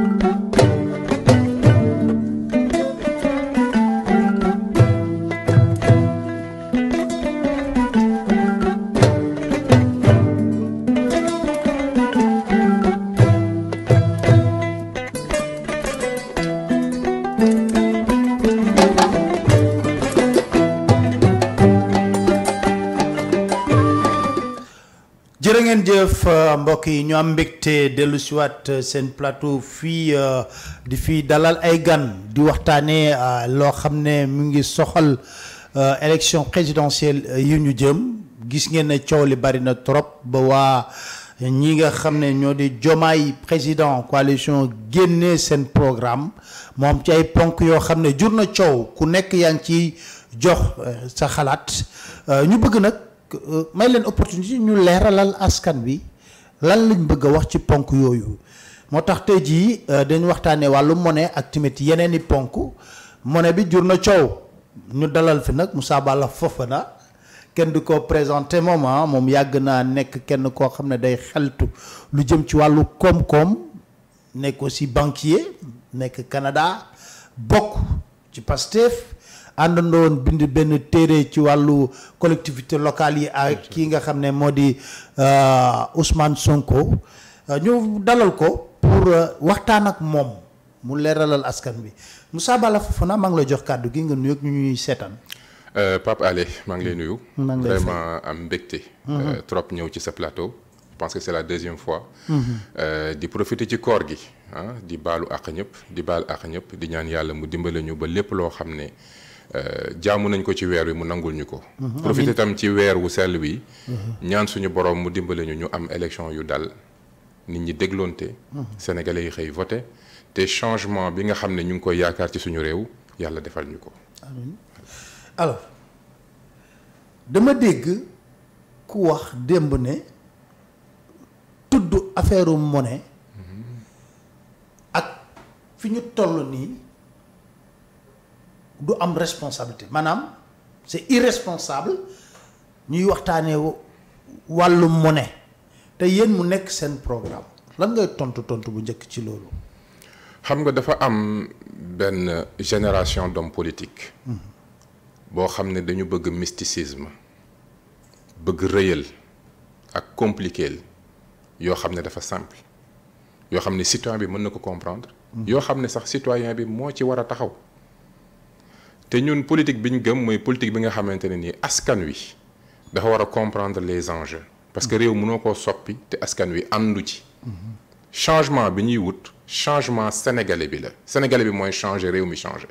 Thank you. jërëjëf euh, mbok yi ñu am delu ci wat euh, sen plateau fi euh, di fi dalal ay gan di waxtané lo xamné mu ngi soxal élection présidentielle yu ñu jëm gis ngeen ne ciow li bari na trop ba wa ñi nga xamné ñoo di jomaay président coalition génnee sen programme mom ci ay ponk yo xamné ne ciow ku nekk yang ci jox sa xalat ñu bëgg nag. Euh, may leen opportunité ñu leeralal askan bi lan lañ bëgg a wax ci ponk yooyu moo tax tey jii euh, dañ waxtaanee wàllu mone ak tamit yeneen ponk monnaie bi jur na coow ñu dalal fi nag mu Moussa Balla Fofana kenn du ko présenté moom ah, moom yàgg naa nekk kenn koo xam ne day xeltu lu jëm ci wàllu koom-koom nekk aussi banquier nekk Canada bokk ci Pastef àndandoo woon bind benn téere ci wàllu collectivité locale yi ak kii nga xam ne moo di euh, Ousmane Sonko euh, ñu dalal ko pour euh, waxtaan ak moom mu leeralal askan bi Moussa Bala Fofana maa ngi lay jox kàddu gi nga nuyoog ñu ñuy seetaan. Pape Alé maa ngi lay nuyu. vraiment am mbégte. Mm-hmm. trop ñëw ci sa plateau. je que c'est la deuxième fois. Mm-hmm. di profiter ci koor gi ah, di baalu àq ñëpp di baal àq ñëpp di ñaan yàlla mu dimbale ñu ba lépp loo xam ne. Euh, jaamu nañ ko ci weer wi mu nangul ñu ko. Mhm. profité tam ci weer wu sell wi. ñaan suñu borom mu dimbale ñu ñu am élection yu dal nit ñi déglonté mhm. sénégalais yi xëy voté te changement bi nga xam ne ñu ngi koy yaakaar ci suñu réew yàlla defal ñu ko. alors dama dégg ku wax démb ne tudd affaire monnaie mhm. ak fi ñu toll nii du am responsabilité manam c'est irresponsable ñuy waxtaanee wàllu moné té yeen mu nek sen programme lan ngay tontu tontu bu njëkk ci lolu xam nga dafa am ben génération d'hommes politiques. Mhm. bo xamné ne dañu bëgg mysticisme bëgg réel, ak compliquer Yo xamné ne dafa simple Yo xamné ne citoyen bi mëna ko comprendre. Mhm. Yo xamné sax citoyen bi mo ci wara taxaw te ñun politique bi ñu gëm mooy politique bi nga xamante ne nii askan wi dafa comprendre les enjeux parce que réew mënoo koo soppi te askan wi àndu ci changement bi ñuy wut changement sénégalais bi la sénégalais bi mooy changer réew mi changer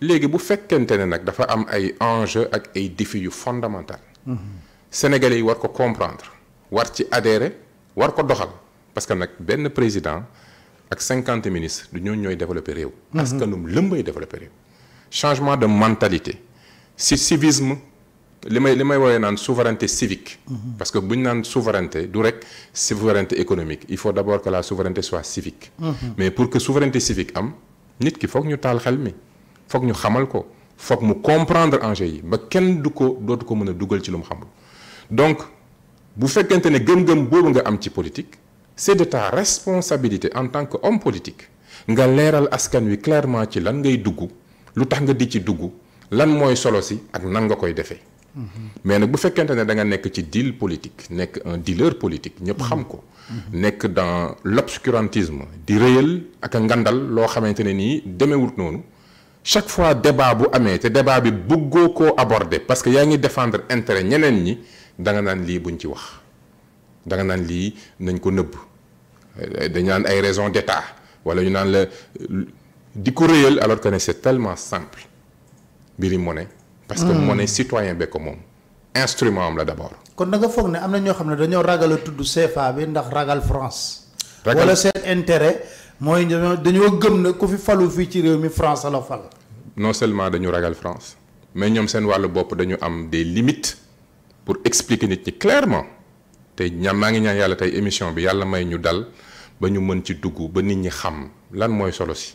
léegi bu fekkente ne dafa am ay enjeux ak ay défis fondamentaux. sénégalais yi war ko comprendre war ci adhérer war ko doxal parce que n'ak benn président ak 50 ministres du ñoo développer développer réew mhm. askanum lëmbay développer réew changement de mentalité Si civisme Les may ont une souveraineté civique. Mhm. parce que bu ñu une souveraineté du souveraineté économique il faut d'abord que la souveraineté soit civique. Mhm. mais pour que la souveraineté civique am il faut que nous nous xel mi foog ñu xamal ko foog mu comprendre enjeux yi ba nous du ko dootu ko mën a ci donc bu ne gëm-gëm boobu politique c'est de ta responsabilité en tant qu'homme homme politique nga leeral askan wi clairement ci lan ngay dugg. Nous nga di ci dugg lan moy solo si ak nan nga koy mais nak bu ne da deal politique un dealer politique ñep xam ko. dans l'obscurantisme di ak ngandal lo chaque fois débat bu amé, débat bi ko aborder parce que ya ngi défendre intérêt ñeneen ñi da nga buñ raisons d'état wala ñu di ko alors que c'est tellement simple mbiri monnaie parce que mm. monnaie citoyen be comme instrument am la d'abord. kon da nga foog ne amna na ñoo xam ne dañoo ragal tuddu CFA bi ndax ragal France. wala seen intérêt moy dañoo gëm ne ku fi falu fi ci réew mi France la fal. non seulement dañu ragal France mais ñom sen wàllu bop dañu am des limites pour expliquer nit ñi clairement Tay ñam ma ngi ñaan Yalla tay émission bi Yalla may ñu dal ba ñu mën ci dugg ba nit ñi xam lan moy solo si.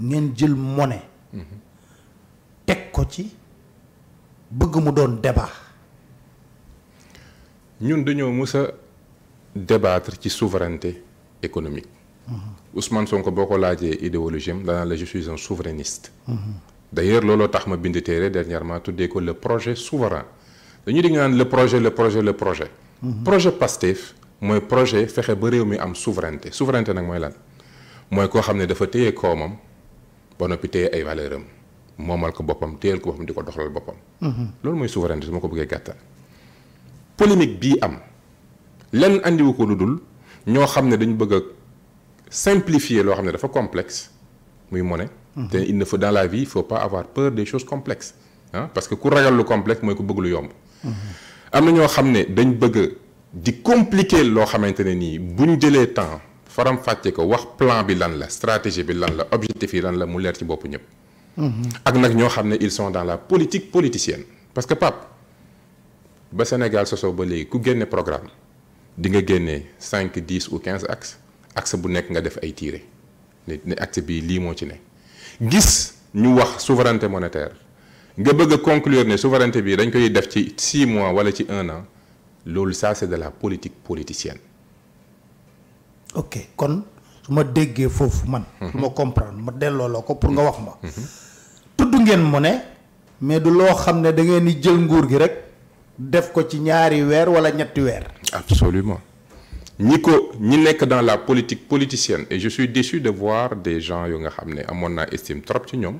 ngeen jël monnaie. teg ko ci bëgg mu doon débat. ñun dañoo mës a débattre ci souveraineté économique. Mhm. Ousmane Sonko boo ko laajee idéologie am danaa la je suis un souverainiste. Mhm. d'ailleurs looloo tax ma bind téere dernièrement tuddee ko le projet souverain dañu di naan le projet le projet le projet. Mhm. projet PASTEF mooy projet fexe ba réew mi am souveraineté souveraineté nag mooy lan mooy koo xam ne dafa téye koomam ba noppi téye ay valeur am moomal ko boppam téyel ko boppam di ko doxalal boppam. loolu mooy souveraineté su ma ko bëggee gàttal. polémique bii am lenn andiwu ko lu dul ñoo xam ne dañu bëgg simplifier loo xam ne dafa complexe muy monnaie. Mhm. te il ne faut dans la vie faut pas avoir peur des choses complexes hein? parce que ku ragal lu complexe mooy ku bëgg lu yomb. Mhm. am na ñoo xam ne dañ bëgg di compliquer loo xamante ni nii bu temps faram fàcce ko wax plan bi lan la stratégie bi lan la objectif yi lan la mu leer ci bop ñep mhm. ak nak ño ils sont dans la politique politicienne parce que Pape ba Sénégal soso ba légui ku génné programme di nga génné 5 10 ou 15 axes axe bu sont nga def ay tiré né axe bi li mo ci ne gis ñu wax souveraineté monétaire nga bëgg conclure né souveraineté bi dañ koy def ci 6 mois wala ci 1 an lolu ça c'est de la politique politicienne ok kon suis mhm. comprendre ma pour nga mhm. Mhm. mais wala absolument Nico, nous dans la politique politicienne et je suis déçu de voir des gens qui nga xamné amona estime trop ci ñom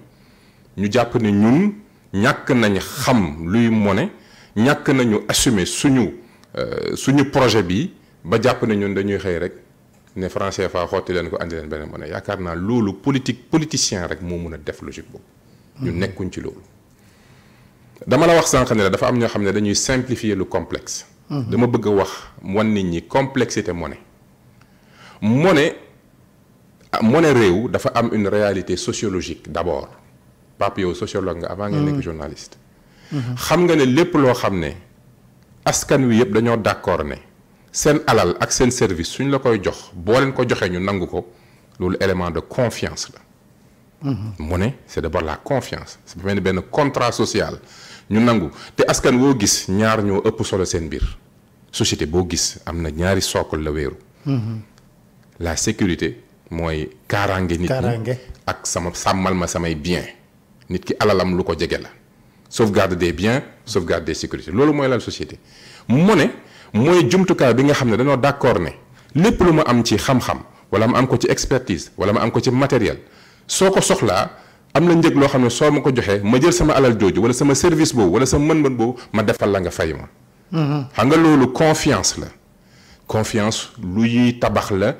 ñu japp ne ñun ñak nañ xam luy moné ñak nañu assumer suñu euh, suñu projet bi ba ñun ne français fa xoti len ko andi len benen moné yakarna lolu politique politicien rek mo meuna def logique bob ñu mhm. nekkun ci lolu dama la wax sànq ne la dafa am ño xamné dañuy simplifier le complexe. Mhm. dama bëgg wax wan nit ñi complexité moné moné ah, moné rew dafa am une réalité sociologique d'abord Pape yow sociologue nga avant nga nekk mhm. journaliste. xam nga ne lepp lo xamné askan wi yëpp dañoo d'accord né sen alal ak sen service suñ la koy jox bo len ko joxe ñu nangu ko loolu élément de confiance la. Mhm. mu c'est d'abord la confiance c'est mel ben contrat social ñu nangu té askan wo gis ñaar ñoo ëpp solo sen bir société bo gis amna ñaari socle la wéeru. Mhm. la sécurité moy kaaraange. nit ñi ak sama samal ma samay bien nit ki alalam lu ko jégé la sauvegarde des biens sauvegarde des sécurités lolu moy la société monnaie mooy jumtukaay bi nga xam ne dañoo d'accord ne lépp lu ma am ci xam-xam wala ma am ko ci expertise wala ma am ko ci matériel soo ko soxlaa am na njëg loo xam ne soo ma ko joxee ma jël sama alal jooju wala sama service boobu wala sama mën-mën boobu ma defal la nga fay ma. Mm-hmm. xam nga loolu confiance la. confiance lu ñuy tabax la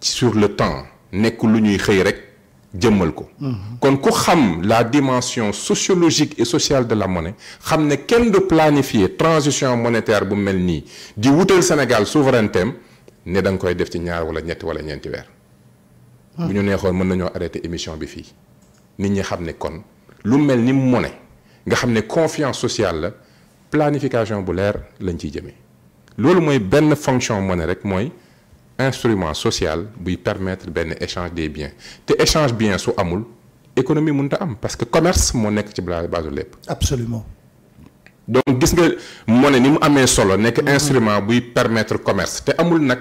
sur le temps nekk lu ñuy xëy rek. jëmmal ko mhm. kon ku xam la dimension sociologique et sociale de la monnaie xam ne kenn du planifier transition monétaire bu mel nii di wutal Sénégal souveraineté ne da koy def ci ñaar wala ñetti wala ñeenti weer hmm. bu ñu neexoon mën nañoo arrêté émission bi fii nit ñi xam ne kon lu mel ni monnaie nga xam ne confiance sociale la planification bu leer lañ ciy jëmee loolu mooy benn fonction monnaie rek mooy instrument social qui permettre ben échange des biens te échange bien su amul économie mënut am parce que commerce moo nekk ci base lépp. absolument donc gis nga monnaie ni mu amee solo nekk mm-hmm. instrument buy permettre commerce te amul nag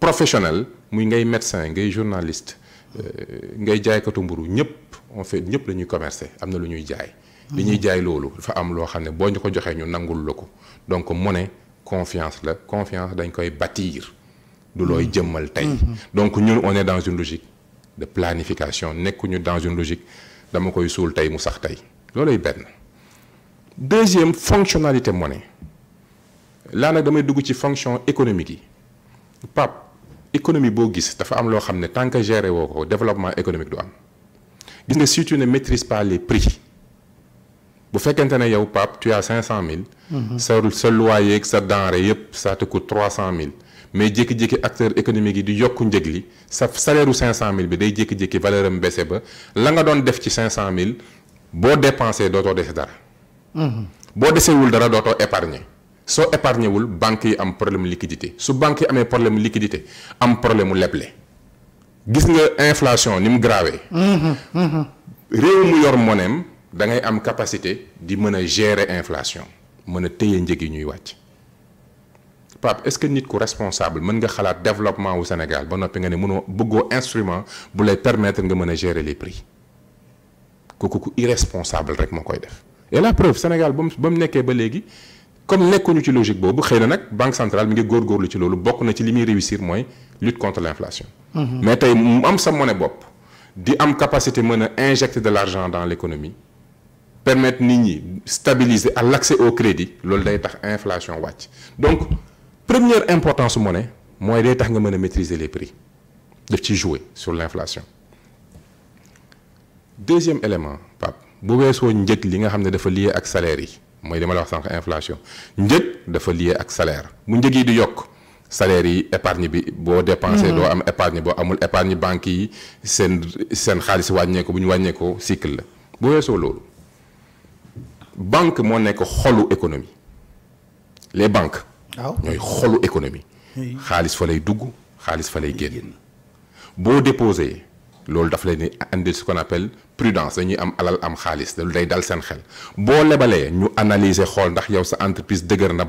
professionnel mon ngay médecin ngay journaliste euh, ngay jaaykatu mburu ñëpp on fait ñëpp le ñuy commercer am le lu ñuy jaay. li ñuy mm-hmm. jaay loolu dafa am loo xam ne boo ko joxee ñu nangul la donc monnaie confiance la confiance dañ koy bâtir. Mm-hmm. donc nous, on est dans une logique de planification sommes dans une logique de koy suul tey mu sax deuxième fonctionnalité monnaie Là, on damay dugg une fonction économique Le Pape économie c'est gis dafa am tant que gérer woo le développement économique si tu ne maîtrises pas les prix bu tu as 500 000, ce loyer ce denrée ça te coûte 300 000 mais dès que acteur économique yi di yokku njëg sa salaire u 500000 bi day dès que valeur am baissé ba la nga doon def ci 500000 boo dépensé dootoo dese dara. Mm-hmm. boo desewul dara doto épargner so épargner wul banque yi am problème liquidité su banque yi amee problème liquidité am problème mu gis nga inflation nim mu gravé. hmm mm-hmm. mu yor monem da ngay am capacité di mën gérer inflation mën teyé téye ñuy wacc Pape est-ce que nous ku responsable mën nga développement au Sénégal ba noppi nga ne mënoo instrument bu lay permettre de gérer les prix C'est irresponsable rek moo et la preuve Sénégal ba mu ba mu logique boobu banque centrale mi ngi góorgóorlu ci loolu bokk na ci réussir mooy lutte contre l'inflation. Mm-hmm. mais nous avons am sa monnaie bopp am capacité d'injecter injecter de l'argent dans l'économie permettre de stabiliser à l'accès au crédit loolu day tax inflation donc première importance monnaie moy day tax nga mën maîtriser les prix daf ci jouer sur l'inflation deuxième élément pap bu weesoo njëg li nga xam dafa lié ak salaire yi mooy dama la wax sank inflation njëg dafa lié ak salaire bu njëg yi di yok salaire yi épargne bi boo dépensé mm-hmm. do am épargne bo amul épargne banque yi sen sen seen xaalis ko bu ñu ko cycle la bu weesoo lolu banque mo nek xolu économie les banques waaw ñooy xolu économie. xaalis fa lay dugg xaalis fa lay génn. boo déposé loolu daf leen di ce qu'on appelle prudence dañuy am alal am xaalis loolu day dal senchel. xel boo lebalee ñu analyser xool ndax yow sa entreprise dëgër na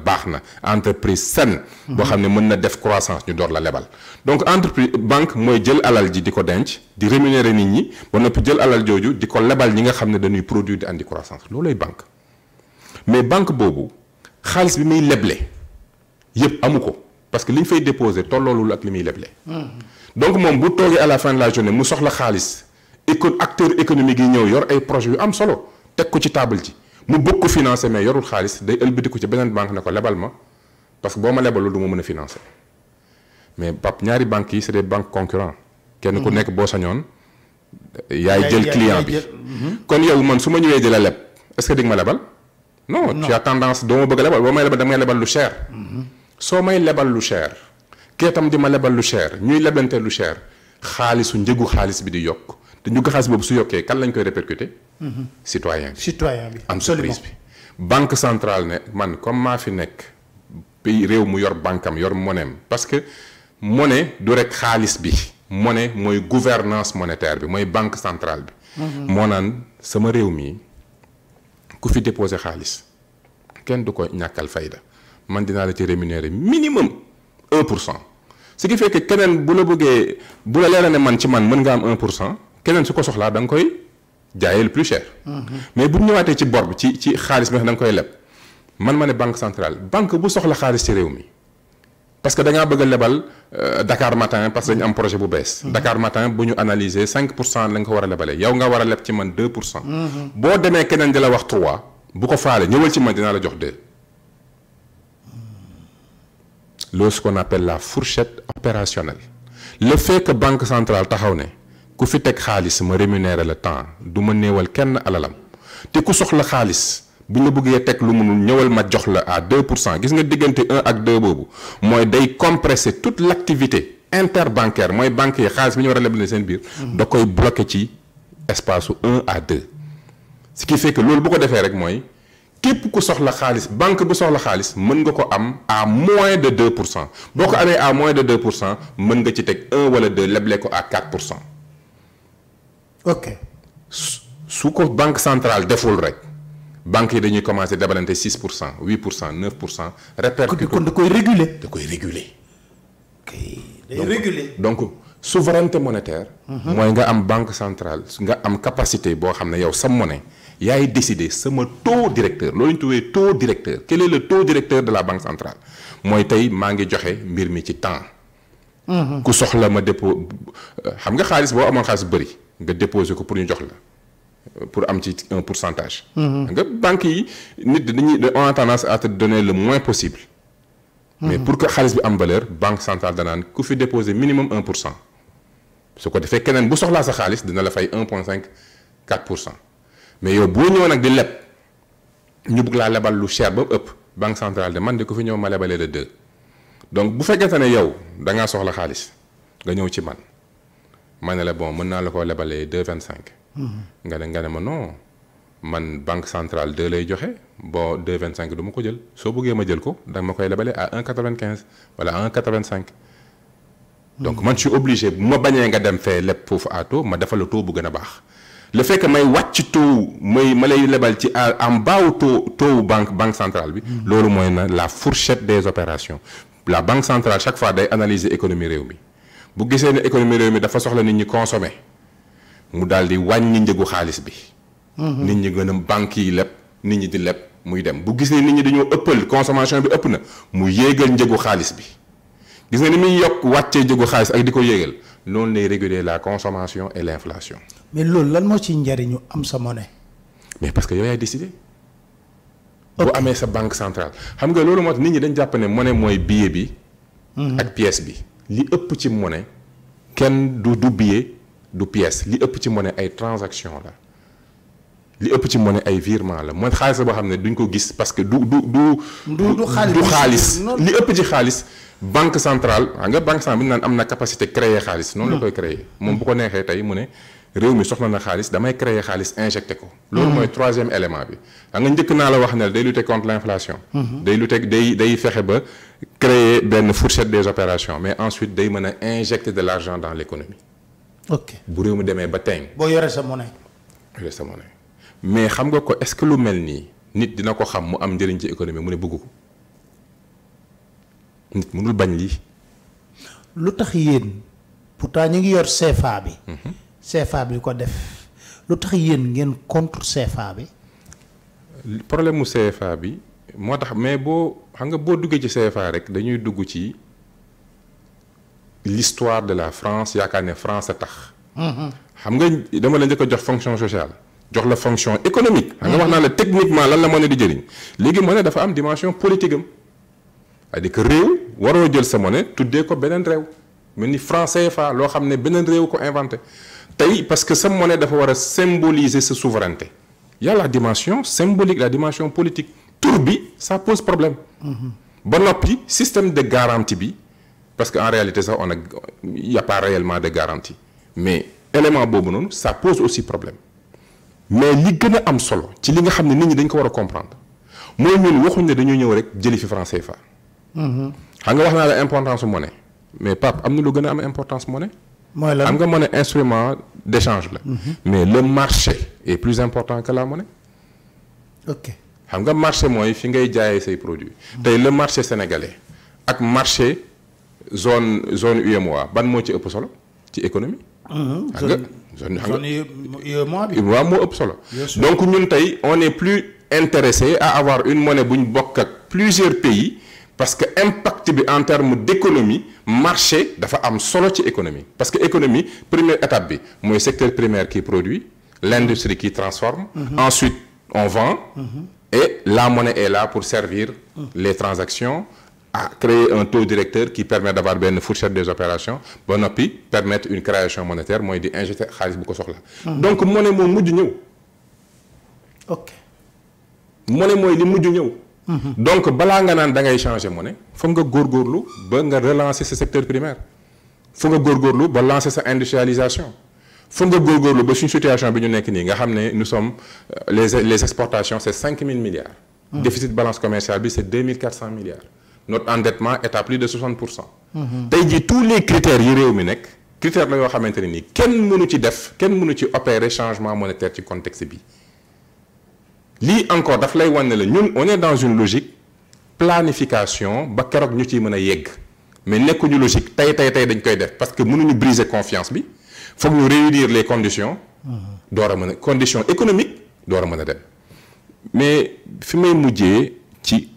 entreprise saine. boo xam ne mën na def croissance ñu door la lebal. donc entreprise banque moi jël alal ji di ko denc di rémunérer nit ñi ba noppi jël alal jooju di ko lebal ñi nga xam dañuy produire de andi croissance loolooy banque mais banque boobu xaalis bi muy leble yep amuko parce que li fait fay tout tolloolul ak donc mon bu à la fin de la journée mu soxla acteur économique yi yor ay projet am solo ko ci table mu Ils financer mais yorul day ci une banque ne ko parce que boo ma financer mais pap ñaari banques c'est des banques concurrentes. kenn ku mhm. nekk boo ils yaay jël client bi mhm. kon yow man est-ce que ma non tu as tendance à cher. Mhm soo may lebal lu cher kee tam di ma lebal lu cher ñuy lebante lu cher xaalisu njëgu xaalis bi di yokk te njëgu xaalis boobu su yokkee kan lañ koy répercuter. Mm-hmm. citoyen bi citoyen bi. am surprise bi banque centrale ne man comme maa fi nekk pays réew mu yor banque am yor monnaie parce que monnaie du rek xaalis bi. monnaie mooy gouvernance monétaire bi mooy banque centrale bi. Mm-hmm. moo naan sama réew mi ku fi déposé xaalis kenn du ko ñàkkal fayda man dina la minimum 1 ce qui fait que keneen bu la nga 1 tu keneen koy plus cher. Mhm. mais bu ñëwaatee ci bor ci ci xaalis koy leb man banque centrale banque bu soxla xaalis ci réew parce que da ngaa bëgg a lebal euh, Dakar matin parce que a un projet bu bees. Mhm. Dakar matin bu analyser 5 pour la nga ko a lebalee nga a 2 pour cent. Mhm. boo 3 bu ko faale ci 2 ce qu'on appelle la fourchette opérationnelle. Le fait que Banque centrale taxaw ne ku fi teg xaalis ma rémunéré le temps du ma néewal kenn alalam te ku soxla xaalis bu ñu la bëggee teg lu munul ñëwal ma jox la à 2 pour cent gis nga diggante 1 ak 2 boobu mooy day compresser toute l'activité interbancaire mooy banque yi khalis, bi ñu war a lebal seen biir. da koy bloqué ci espace 1 à 2. ce qui fait que loolu bu ko defee rek mooy képp ku soxla xaalis banque bu soxla xaalis mën nga ko am à moins de 2 Si vous avez à moins de 2 vous avez nga 1 wala 2 à 4 ok su banque centrale deful rek banque yi dañuy commencé dabalante 6 8 9 Vous cent. répercuté kon da réguler day donc souveraineté monétaire. mooy nga une banque centrale nga une capacité boo xam ne yow monnaie yaay décidé ce taux directeur loolu ñu taux directeur quel est le taux directeur de la banque centrale mooy tey maa joxé mbir mi ci temps. Mhm. ku soxla ma dépôt xam nga xaalis bo amon xaalis bu nga déposer ko pour ñu jox la pour am ci un pourcentage. Mhm. nga banque yi nit dañuy on a tendance à te donner le moins possible. mais mhm. pour que xaalis bi am valeur banque centrale danaan ku fi déposer minimum 1%. Ce cent fait, ko defee keneen bu soxlaa sa xaalis dina la fay un point mais yow boo ñëwoon nag di leb ñu bëgg laa lebal lu cher ba ëpp banque centrale de man de ko fi ñëw ma lebalee de deux donc bu fekkente ne yow da ngaa soxla xaalis nga ñëw ci man ma ne la bon mën naa la koo lebalee deux vingt cinq. Mm-hmm. nga ne nga ne ma non man banque centrale deux lay joxe boo deux vingt cinq du ma ko jël soo bëggee ma jël ko da ma koy lebalee à un quatre vingt quinze wala un quatre vingt cinq. donc mm-hmm. man je suis obligé bu ma bañee nga dem fee leb foofu à taux ma defal la taux bu gën a baax le fait que may wàcc taux may malay lebal ci en bas wu taux taux banque banque centrale bi. Hmm. lolu moy na la fourchette des opérations la banque centrale chaque fois day analyser économie réew mi bu gisee ne économie réew mi dafa soxla nit ñi consommer mu daldi di wàññi njëgu xaalis bi. Hmm. nit ñi gëna a yi lepp nit ñi di lepp muy dem bu gisee nit ñi dañoo ëppal consommation bi ëpp na mu yéegal njëgu xaaliss bi gis nga ni muy yokk wàccee njëgu xaalis ak di ko yéegal noonu lay réguler la consommation et l'inflation mais lool lan mo ci njariñu am sa monnaie. mais parce que yow yaay décidé. Pour amé sa banque centrale xam nga loolu que nit ñi dañ monnaie billet mhm. pièce bi. li ëpp ci monnaie kenn du du billet du pièce li ëpp ci monnaie ay transaction la li ëpp ci monnaie ay virement la mooy xaalis boo ne duñ ko gis parce que du du du. du du li ëpp ci banque centrale nga banque centrale bi am na capacité créer xaalis. la mhm. créer bu réew mi soxna na xaalis damay créer xaalis injecté ko. loolu mooy troisième élément bi. xam nga njëkk naa la wax ne day lutter contre l'inflation. Mhm. day lutter day day fexe ba créer benn fourchette des opérations mais ensuite day mën a injecter de l'argent dans l'économie. ok bu réew mi demee ba teeñ. boo yore sa monnaie. yore sa monnaie mais xam nga ko est-ce que lu mel nii nit dina ko xam mu am njëriñ ci économie mu ne bëgg ko nit mënul bañ lii. lu tax yéen pourtant ñu ngi yor CFA bi. -hmm. CFA bi ko def lutax yeen yéen ngeen contre CFA bi. problème CFA bi motax mais bo xam nga boo duggee ci CFA rek dañuy dugg ci l'histoire de la France yakane ne France a tax. Mhm. xam nga dama la njëkk jox fonction sociale jox la fonction économique. xam nga wax na la mhm. techniquement lan la monnaie di jëriñ légui monnaie dafa am dimension politique am c'est-à-dire que réew waro jël sa monnaie tuddé ko benen réew mel ni franc CFA lo xamné benen réew ko inventé parce que cette monnaie doit symboliser sa souveraineté Il y a la dimension symbolique la dimension politique Tout ça pose problème. Mhm. Bon le système de garantie parce qu'en réalité il n'y a a pas réellement de garantie mais élément boobu ça pose aussi problème mais ce qui est am solo ci li nga xam ne nit ñi dañ ko comprendre Moi, ñun waxuñ ne que ñëw rek jëli fi CFA. Mhm. xam wax la monnaie mais papa, am na a am importance monnaie. Moi, lan nga monnaie instrument d'échange mhm. mais le marché est plus important que la monnaie. ok Am nga marché moy fi ngay jaayee say produits. Tay le marché sénégalais ak marché zone zone UMOA ban mo ci ëpp solo ci économie. Mhm. zone UEMOA donc on est plus intéressé à avoir une monnaie pour bok plusieurs pays parce que l'impact en termes d'économie, marché dafa am solo ci économie parce que économie première étape c'est le secteur primaire qui produit l'industrie qui transforme mhm. ensuite on vend mhm. et la monnaie est là pour servir mhm. les transactions à créer un taux directeur qui permet d'avoir une fourchette des opérations bon permettre une création monétaire Donc di donc monnaie ok monnaie est donc avant nga changer da ngay changer monnaie il nga que relancer ce secteur primaire Il faut que vous lancer sa industrialisation Il faut que vous relancez, situation que nous sommes euh, les les exportations c'est 5 000 milliards. Mm. déficit de balance commerciale c'est 2 400 milliards. notre endettement est à plus de 60 pour mm-hmm. tous les critères yi réew mi les critères la yoo xamante ne nii kenn ci def quels mënu ci opérer changement monétaire ci contexte bi. Li encore daf lay le. ñun on est dans une logique planification ba keroog ñu ciy mën a yegg mais logique tey tey tey dañ koy def parce que nous briser confiance bi faut ñu réunir les conditions. Mmh. door a conditions économiques dora a mais fi may mujjee ci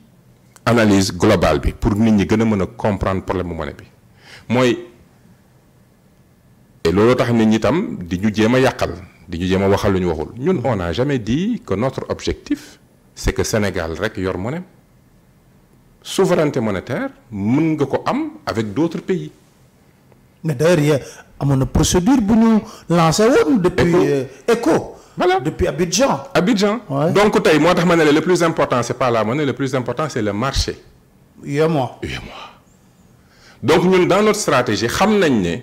analyse globale bi pour nit ñi gën a comprendre problème mu bi mooy et looloo tax nit ñi tam di ñu jéem yakal, nous, on n'a jamais dit que notre objectif c'est que le Sénégal rek yor monnaie souveraineté monétaire ko am avec d'autres pays. mais d'ailleurs a une procédure bu nous lancer depuis euh, ECO voilà depuis Abidjan. Abidjan donc le plus important ce n'est pas la monnaie le plus important c'est le marché. Oui, moi. donc nous, dans notre stratégie nous nañ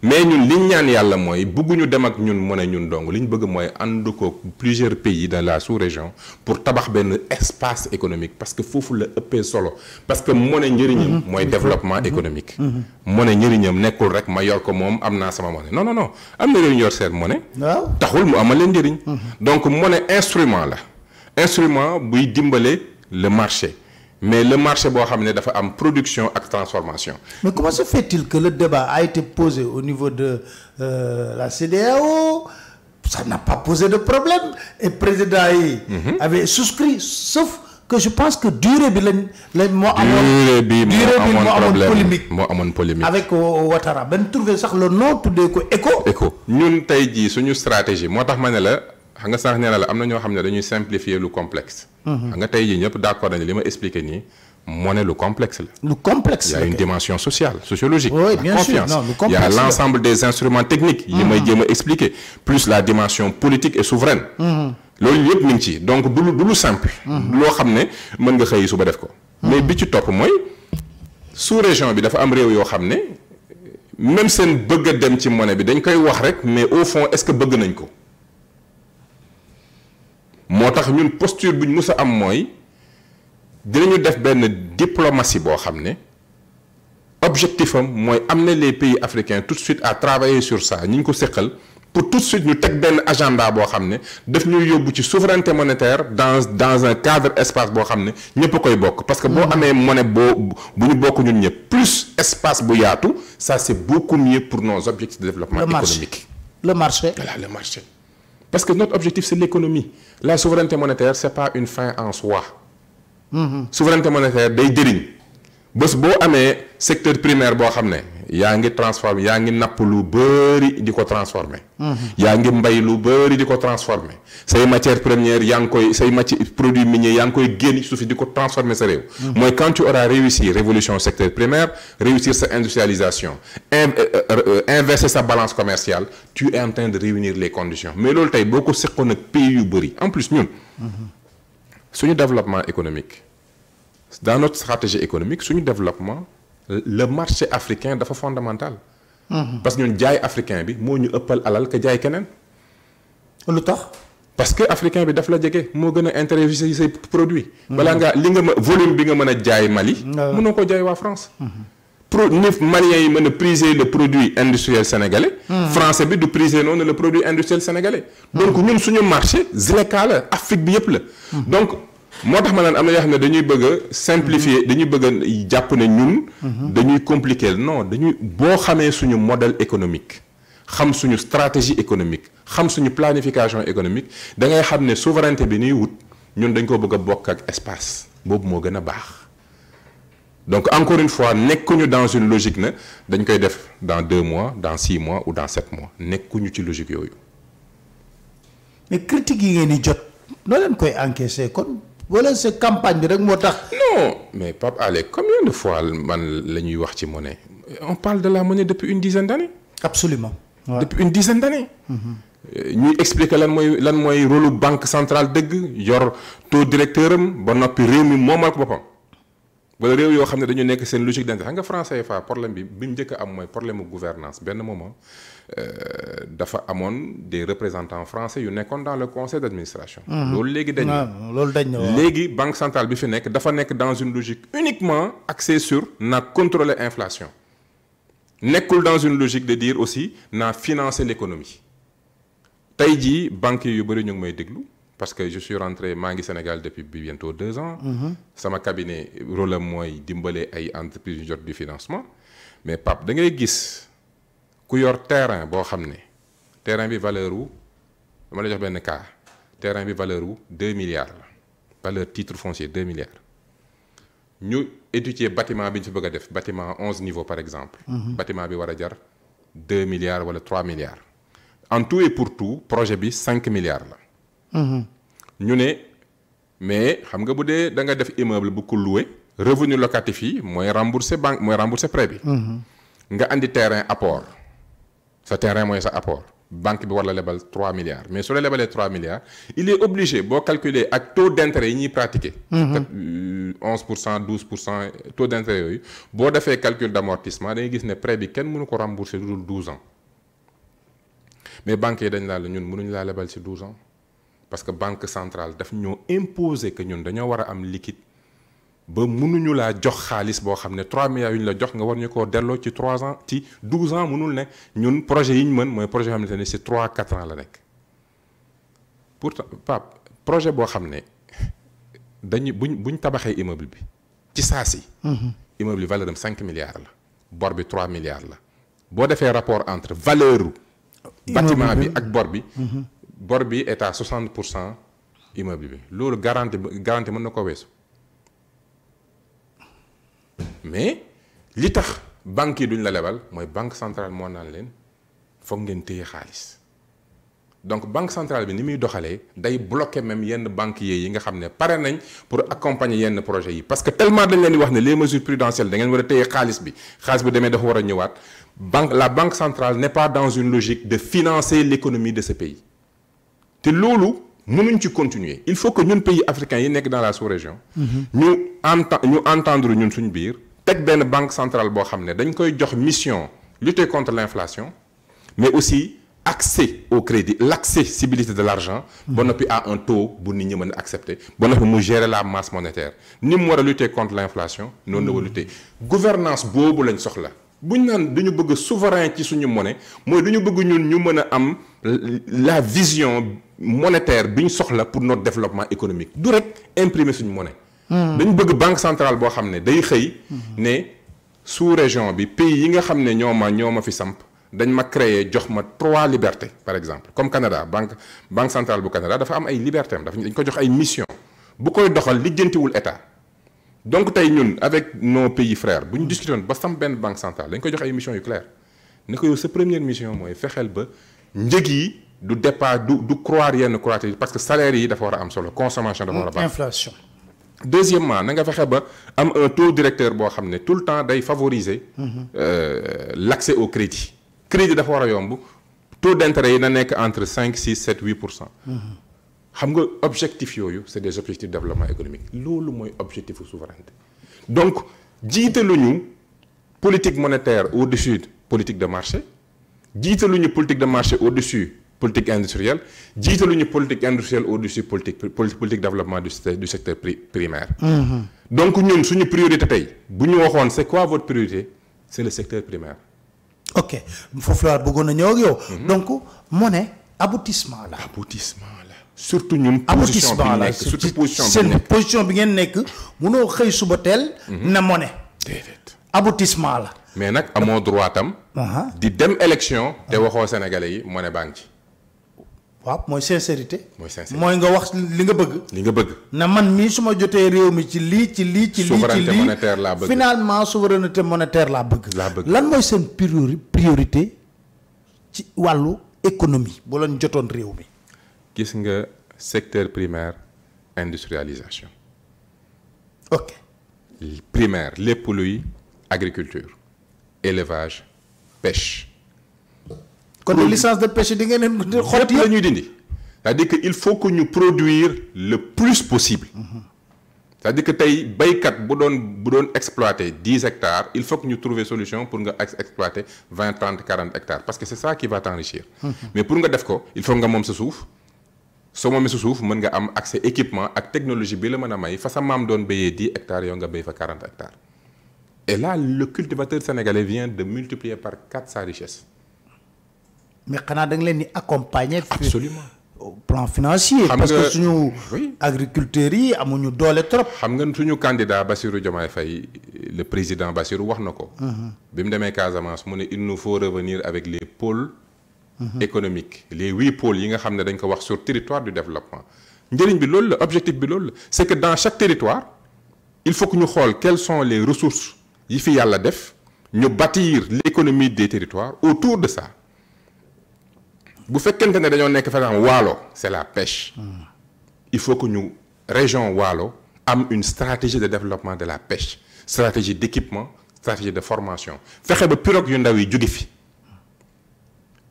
mais ñun liñ ñaan yàlla mooy bëgguñu dem ak ñun mu ne ñun dong liñ bëgg mooy ànd ko plusieurs pays dans la sous-région pour tabax benn espace économique parce que foofu la ëppee solo parce que mu ne njëriñam mhm. mooy mhm. développement mhm. économique mu ne njëriñam nekkul rek ma yor ko moom am naa sama monnaie non non non am na réew ñu yor seen monnaie taxul mu amal leen njëriñ donc mu instrument la instrument buy dimbale le marché mais le marché bo xamné dafa am production ak transformation. mais comment se fait-il que le débat a été posé au niveau de euh, la CEDEAO ça n'a pas posé de problème et président yi. Mhm. avait souscrit sauf que je pense que durée bi lañ lañ moo. durée bi mo polémique avec euh, Ouattara Ben trouvé sax le nom de ko éco. Nous ñun tay ji suñu stratégie motax mané la nga sax nee la am na ñoo xam dañuy simplifier lu complexe. Mhm. nga tay ji ñëpp d'accord nañu li ma expliqué nii ne lu complexe la. lu complexe il y a une dimension sociale sociologique. oui bien sûr non lu complexe il y a l'ensemble des instruments techniques. yi may mhm. jéem a expliqué plus la dimension politique et souveraine. Mhm. loolu yëpp mi ngi ci donc du lu du lu simple. loo xam ne mën nga xëy suba def ko. mais bi ci top moy sous région bi dafa am rew yo xam même sen bëgg dem ci moné bi dañ koy wax rek mais au fond est ce que bëgg nañ ko. Nous avons ñun posture qui nous a am moy dinañu def diplomatie L'objectif xamné objectif am moy amener les pays africains tout de suite à travailler sur ça pour tout de suite nous tek à agenda bo xamné def ñu ñuy ci souveraineté monétaire dans dans un cadre espace Nous xamné ne koy bok parce que si nous mm-hmm. monnaie bo buñu bok ñun plus espace bu ça c'est beaucoup mieux pour nos objectifs de développement économique. le marché le marché. Parce que notre objectif, c'est l'économie. La souveraineté monétaire, ce n'est pas une fin en soi. Mm-hmm. Souveraineté monétaire, des dirigeants bés boo amee secteur primaire boo xam ne yaa ngi transformé yaa ngi napp lu bëri di ko transformé mm-hmm. yaa ngi mbay lu bëri di ko transformé say matière première yaa ngi koy say matière produit minier yaa ngi koy génn suuf di ko transformé sa réew mm-hmm. mooy quand tu auras réussi révolution secteur primaire réussir sa industrialisation euh, euh, euh, inverser sa balance commerciale tu es en train de réunir les conditions mais loolu tey boo ko seqoon ak pays yu bëri en plus ñun mm-hmm. suñu développement économique dans notre stratégie économique le développement le marché africain est fondamental mhm. parce que Africains africain bi ñu ëppal alal que jaay parce que africain bi daf la jégué mhm. volume bi nga Mali. ko jaay France. Mhm. pro Mali le produit industriel sénégalais. français bi du priser le produit industriel sénégalais. donc ñun suñu marché bi donc moo tax ma naan am na yoo xam ne dañuy bëgg a simplifier dañuy bëgg a jàpp ne ñun. dañuy compliquer non dañuy boo xamee suñu modèle économique. xam suñu stratégie économique xam suñu planification économique da ngay xam ne souveraineté bi ñuy wut ñun dañ ko bëgg a bokk ak espace boobu moo gën a baax. donc encore une fois nekkuñu dans une logique na dañ koy def dans deux mois dans six mois ou dans sept mois nekkuñu ci logique yooyu. mais critique yi ngeen di jot noo leen koy encaisser kon. Voilà cette campagne bi rek motax non mais papa, allez, combien de fois man lañuy wax ci monnaie on parle de la monnaie depuis une dizaine d'années. absolument. depuis une dizaine d'années. Nous mhm. ñuy expliquer lan moy lan moy rôle banque centrale deug yor taux directeur ba nopi réew mi momal ko bopam wala réew yo xam dañu nekk seen logique d'intérêt. intérêt xam nga franc problème bi bi jëk am moy problème gouvernance ben moment. Euh, dafa amone des représentants français yu nekkon dans le conseil d'administration administration. Mhm. légui léegi dañ. loolu dañ banque centrale bi fi nek dafa nek dans une logique uniquement axée sur na contrôler inflation nekkul dans une logique de dire aussi na financer l'économie économie tey jii yu bari ñu ngi may déglu. parce que je suis rentré mangi Sénégal depuis bientôt deux ans. Mhm. sama cabinet rôle moy dimbalé ay entreprises jot du financement mais papa, da ngay gis ku yor terrain boo terrain bi valeuru dama terrain 2 milliards Le valeur titre foncier 2 milliards Nous étudier bâtiment bi ñu bâtiment 11 niveaux par exemple le mhm. bâtiment bi 2 milliards ou 3 milliards en tout et pour tout le projet bi 5 milliards la mhm. ñu ne mais xam nga bu da nga def immeuble bu ko loué revenu locatif yi rembourser banque mooy rembourser prêt bi mhm. nga andi terrain apport sa terrain à sa apport banque bi war la 3 milliards mais sur le 3 milliards il est obligé de calculer ak taux d'intérêt intérêt 11 12 le taux d'intérêt, Il a fait calcul d'amortissement, amortissement gis ne prêt bi ken mënu ko rembourser dul 12 ans mais banques yi dañ la ñun mënuñ la lebal 12 ans parce que la banque centrale daf ñoo imposer que ñun dañoo wara liquide ba mënuñu la jox xaalis bo xamné 3 milliards yu la jox nga war ñuko dello ci 3 ans ci 12 ans mënul né ñun projet yi ñu mën moy projet xamné c'est 3 4 ans la nek pourtant projet bo xamné ne dañu buñ buñ immeuble bi ci saa hmm immeuble valeur 5 milliards la. bor bi 3 milliards la. fait un rapport entre valeur. bâtiment bi ak bor bi. Mhm. bor bi est à 60 immeuble bi loolu garantie. garantie mën na ko mais li tax banques yi duñ la lebal moy banque centrale mo nan len foog ngeen téye donc banque centrale bi ni muy doxalee day bloquer même yenn banquiers yi nga xamné paré nañ pour accompagner yenn projets yi parce que tellement dañ leen di wax né les mesures prudentielles da ngeen wara a téye bi vous bu démé dafa wara ñëwaat la banque centrale n'est pas dans une logique de financer l'économie de ce pays té lolu mënuñ ci continuer il faut que ñun pays africains yi nekk dans la sous-région. Mm-hmm. ñu enta ñu entendre ñun suñ biir a une banque centrale bo xamné dañ koy jox mission lutter contre l'inflation mais aussi accès au crédit l'accessibilité de l'argent qu'on puisse à un taux bu nit ñi accepter mu gérer la masse monétaire ni mu wara lutter contre l'inflation nous la lutter. La lutter gouvernance Si lañ soxla être souverains, nous bëgg souverain ci suñu monnaie moy duñu bëgg ñun ñu la vision monétaire soxla pour notre développement économique du rek imprimer suñu monnaie Hmm. dañ bëgg banque centrale boo xam ne day xëy hmm. ne sous région bi pays yi nga xam ne ñoo ma ñoo ma fi samp dañ ma créer jox ma trois libertés par exemple comme Canada banque banque centrale bu Canada dafa am ay liberté dafa dañ ko jox ay mission bu koy doxal lijjantiwul état donc tey ñun avec nos pays frères bu ñu hmm. discuté ba sam benn banque centrale dañ ko jox ay mission yu clair ne ko yow sa première mission mooy fexel ba njëg yi du départ du du croire yenn croître parce que salaire yi dafa war a am solo consommation dafa war a inflation deuxièmement na nga un taux directeur bo xamné tout le temps day favoriser mhm. euh, l'accès au crédit crédit dafa taux d'intérêt entre 5, 6, 7, 8 pour cent mhm. xam objectif c'est des objectifs de développement économique lolu moy objectif souveraineté donc jiitaluñu politique monétaire au-dessus de politique de marché dites-nous, politique de marché au-dessus politique industrielle jiitaluñu politique industrielle au-dessus politique politique développement du secteur du secteur primaire. Mm-hmm. donc ñun suñu priorité tey bu ñu c'est quoi votre priorité c'est le secteur primaire. ok Il faut bëggoon que ñëw ak yow. Mm-hmm. donc moo aboutissement là. aboutissement la surtout ñun. position bi surtout position bi une position bi ngeen nekk munoo xëy suba na monnaie. David. aboutissement là. mais nag amoo droit tam. Uh-huh. di dem élection te waxoo sénégalais yi moo ne baa monnaie banque waaw sincérité. mooy sincérité nga wax li nga bëgg. li nga bëgg. na man mi suma ma jotee réew mi ci li ci li ci li ci lii finalement souveraineté monétaire la bëgg. la bëgg lan moy sen priorité ci walu économie bu leen jotoon réew mi. gis nga secteur primaire industrialisation. ok. primaire lepp luy agriculture élevage pêche. Quand licence de pêche, C'est-à-dire qu'il faut que nous produire le plus possible. C'est-à-dire que si vous exploiter 10 hectares, il faut que nous trouvions une solution pour exploiter 20, 30, 40 hectares. Parce que c'est ça qui va t'enrichir. Mais pour nous faire il faut que nous nous souffre. Si je suis en train accès à l'équipement, à la technologie, je suis en train de 10 hectares et je 40 hectares. Et là, le cultivateur sénégalais vient de multiplier par 4 sa richesse mais xanaa da nga leen accompagner. absolument au plan financier. parce que suñu. agriculteurs yi amuñu doole trop. xam nga suñu candidat Bassirou Diomaye Faye le président Bassirou wax na ko. Mhm. Casamance il nous faut revenir avec les pôles. Mhm. économiques les huit pôles yi nga xam dañ ko wax sur territoire du développement L'objectif bi lool bi c'est que dans chaque territoire il faut que nous xol quelles sont les ressources yi fi yalla def ñu bâtir l'économie des territoires autour de ça bu fekkente ne des nekk par waalo c'est la pêche hmm. il faut que ñu région waalo am une stratégie de développement de la pêche stratégie d'équipement stratégie de formation fexe ba pirogue yu ndaw yi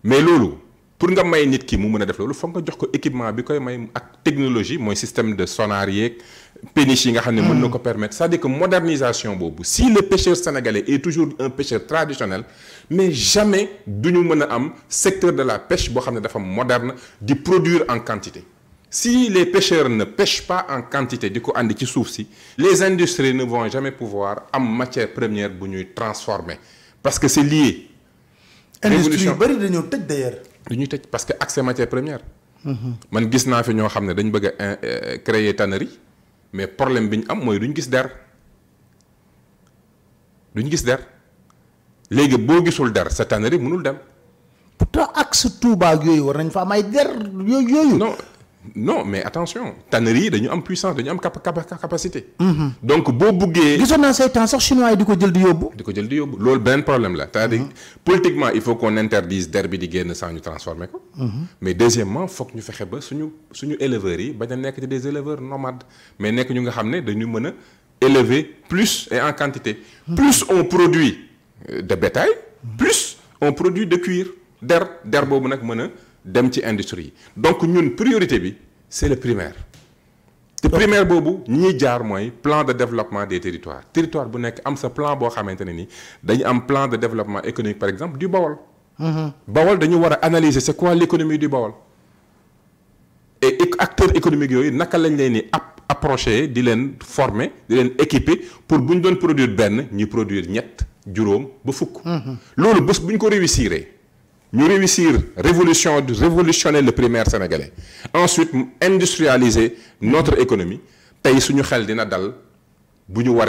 mais loolu pour nga may nit ki mu mën a def loolu foog nga jox ko équipement bi koy may technologie un système de sonarier, péniche nga hmm. permettre c'est-à-dire que modernisation bobu si le pêcheur sénégalais est toujours un pêcheur traditionnel mais jamais duñu mëna am secteur de la pêche bo xamné dafa moderne di produire en quantité si les pêcheurs ne pêchent pas en quantité du ko andi ci les industries ne vont jamais pouvoir am matière première bu ñuy transformer parce que c'est lié industrie bari dañu dañoo d'ailleurs parce que accès matière première mm-hmm. man gis na fi ño xamné dañ bëgg euh, créer tannerie mais problème bi ñu am mooy ñu gis der duñ gis dar léegi boo gisul der sa tannerie mënul dem. pourtant ak sa Touba yooyu war nañ fa am ay der yooyu yooyu. non non mais attention tannerie yi dañu am puissance dañu am capacité. Mhm. donc boo Les gisoon en ces temps sax chinois yi di ko jël di yóbbu. di ko di problème la. cest à mhm. politiquement il faut qu'on interdise l'herbe de guerre sans nous transformer ko. Mhm. mais deuxièmement il ñu que ba suñu suñu éleveurs yi bañ a ci des éleveurs nomades mais nekk ñu nga nous nous dañu élever plus et en quantité. plus on produit euh, de bétail. plus on produit de cuir D'herbe, der d'herbe, nag dem ci industrie donc ñun priorité bi c'est le primaire le primaire c'est ñi jaar plan de développement des territoires territoire bu nek am sa plan bo xamante ni dañu am plan de développement économique par exemple du Bawol mm-hmm. Bawol dañu wara analyser c'est quoi l'économie du Bawol et acteurs économiques yooyu naka lañ leen ni approcher di former di équiper pour buñ produire ben ñi produire ñet juróom ba fukk hmm lolu bu ñu ko réussiré nous réussir révolution révolutionner le primaire sénégalais ensuite industrialiser notre économie Pays suñu xel dina dal nous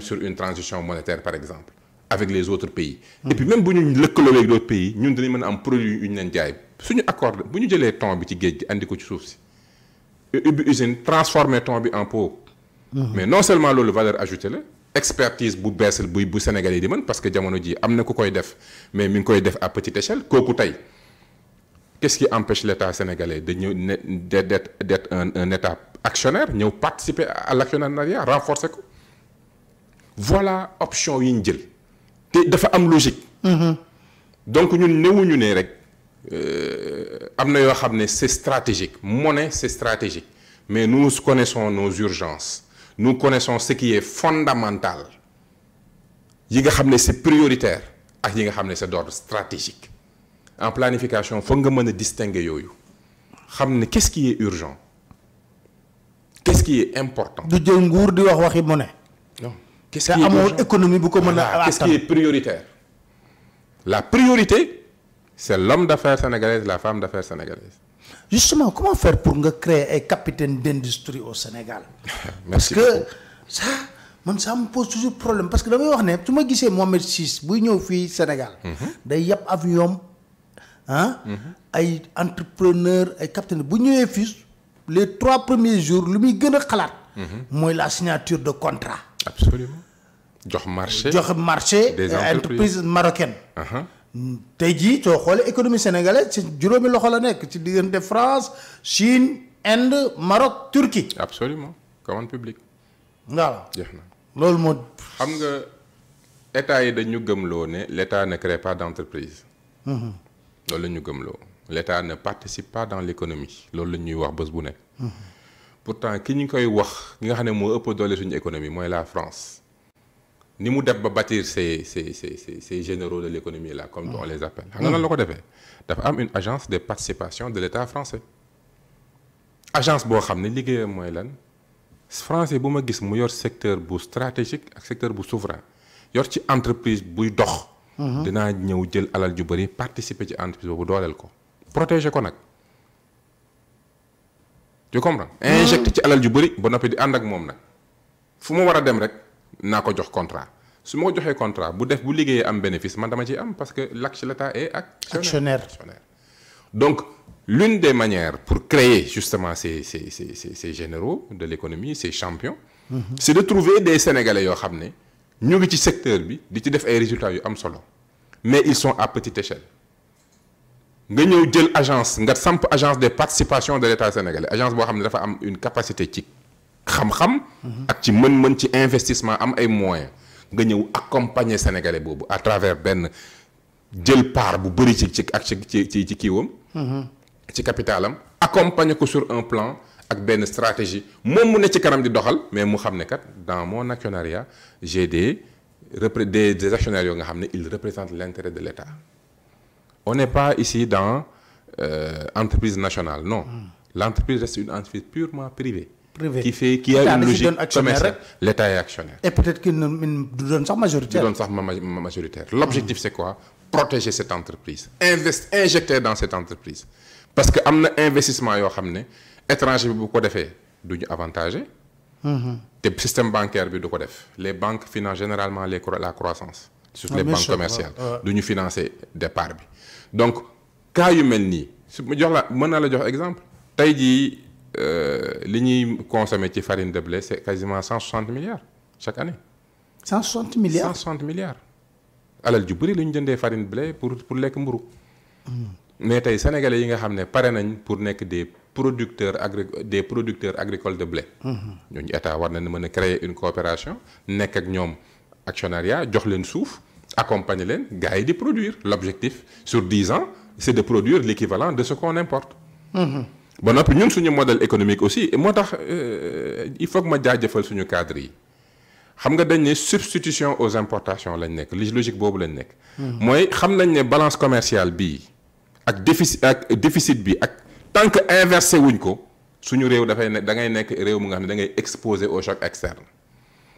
sur une transition monétaire par exemple avec les autres pays. et puis même si nous avec d'autres pays nous devons un am produit yu ñu nous si nous accord bu ñu temps petit bi ci de andi ko si nous transformer temps en pot. Mmh. mais non seulement le valeur ajoutée expertise bu baisser le bu sénégalais di man parce que jamono ji nous ku koy def mais mi ngi koy def à petite échelle qu'est-ce qui empêche l'État sénégalais de d'être un État actionnaire ñeu participer à l'actionnariat renforcer ko voilà option yi ñu jël té dafa am logique. Mm-hmm. donc ñun ne rek euh, amna yo xamné c'est stratégique monnaie c'est stratégique mais nous connaissons nos urgences nous connaissons ce qui est fondamental ce qui est prioritaire et yi nga d'ordre stratégique en planification il faut distinguer les qu'est-ce qui est urgent qu'est-ce qui est important. non qu'est-ce qui est ce qui est prioritaire. la priorité c'est l'homme d'affaires sénégalaise la femme d'affaires sénégalaise. Justement, comment faire pour créer un capitaine d'industrie au Sénégal Parce que ça, ça me pose toujours problème. Parce que dans mes tu me disais, Mohamed VI, si au Sénégal, il y a avion, hein, ah, Si mhm. entrepreneurs, des capitaines. Si les trois premiers jours, le plus important, c'est la signature de contrat. Absolument. Jox marché, marché des entreprises, entreprises marocaines. Uh-huh. Tu jii dit que économie sénégalaise ci juróomi loxo la France Chine Inde Maroc Turquie. absolument commande publique. voilà ne crée pas d'entreprise. Mhm. L'État ne participe pas dans l'économie. économie. Mhm. ce pourtant qui nous koy wax Qui nga économie la France. Nous mu bâtir ces généraux de l'économie là comme on les appelle une agence de participation de l'État français agence boo xam ne liggéeyam lan français bu gis mu secteur bu stratégique ak secteur bu souverain yor ci entreprise dox mhm. jël participer ci entreprise protéger ko tu comprends Vous mhm. ci alal ju di contrat su ma un contrat bu def bu liggéeyee bénéfice man dama ciy am parce que l'actionnaire est actionnaire. donc l'une des manières pour créer justement ces généraux de l'économie ces champions. Mhm. c'est de trouver des sénégalais qui xam ne ñu ngi ci secteur bi di ci def ay résultats yu am solo mais ils sont à petite échelle. nga ñëw jël agence nga samp agence des participations de l'État sénégalais agence boo xam une capacité ci xam-xam. Mhm. ak ci mën-mën ci investissement am ay moyens nga ñëw accompagner sénégalais bobu à travers des jël part bu bëri ci ci ci ci mm-hmm. ci capitalam accompagner ko sur un plan ak ben stratégie mom mu ne ci di doxal mais mu xamné dans mon actionnariat j'ai des des actionnaires qui nga ils représentent l'intérêt de l'État on n'est pas ici dans euh, entreprise nationale non mm. l'entreprise reste une entreprise purement privée qui fait qui a une logique commerciale l'état est actionnaire et peut-être qu'il donne sa majoritaire donne majoritaire l'objectif c'est quoi protéger cette entreprise invest injecter dans cette entreprise parce que l'investissement investissement étranger bi bu ko des du ñu avantagé mm-hmm. système bancaire bi du les banques financent généralement la croissance surtout ah, les banques commerciales du ñu financer parts. donc quand yu mel nii je la un exemple euh, li ñuy consommer ci farine de blé c'est quasiment 160 milliards chaque année. 160 milliards 160 milliards. Alors, du bëri la de farine farine blé pour pour les mburu hmm. mais les sénégalais yi nga pour être des producteurs des producteurs agricoles de blé. Hmm. ñooñu état war créer une coopération avec ak actionnariat jox leen suuf accompagner leen gars yi de produire l'objectif sur 10 ans c'est de produire l'équivalent de ce qu'on importe. Hmm. Nous nous ñun modèle économique aussi Moi, euh, il faut que ma jaajëfal suñu cadre yi xam nga substitution aux importations lañ logique Je lañ nekk. moy hmm. balance commerciale et ak déficit ak déficit bi tant que inversé wuñ ko suñu réew fay ne da ngay au choc externe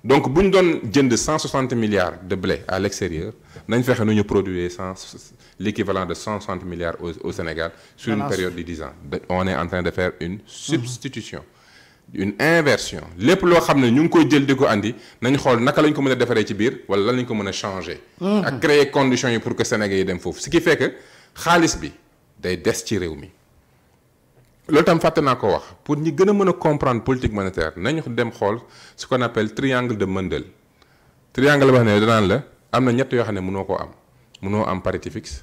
donc si on donne 160 milliards de blé à l'extérieur on va produire l'équivalent de 160 milliards au Sénégal sur une période de 10 ans on est en train de faire une mhm. substitution une inversion Les loo xam ne ñu ngi koy jël di nous andi nañ xool naka lañ ko mën a ci changer mhm. ak créer conditions pour que Sénégal yi dem foofu ce qui fait que xaalis bi day des ci milieu. loolu tam fàtte naa ko wax pour ñi gën a mën a comprendre politique monétaire nañu dem xool ce qu'on appelle triangle de Mendel triangle wax ne danaan la am na ñett yoo xam ne mënoo koo am mënoo am parité fixe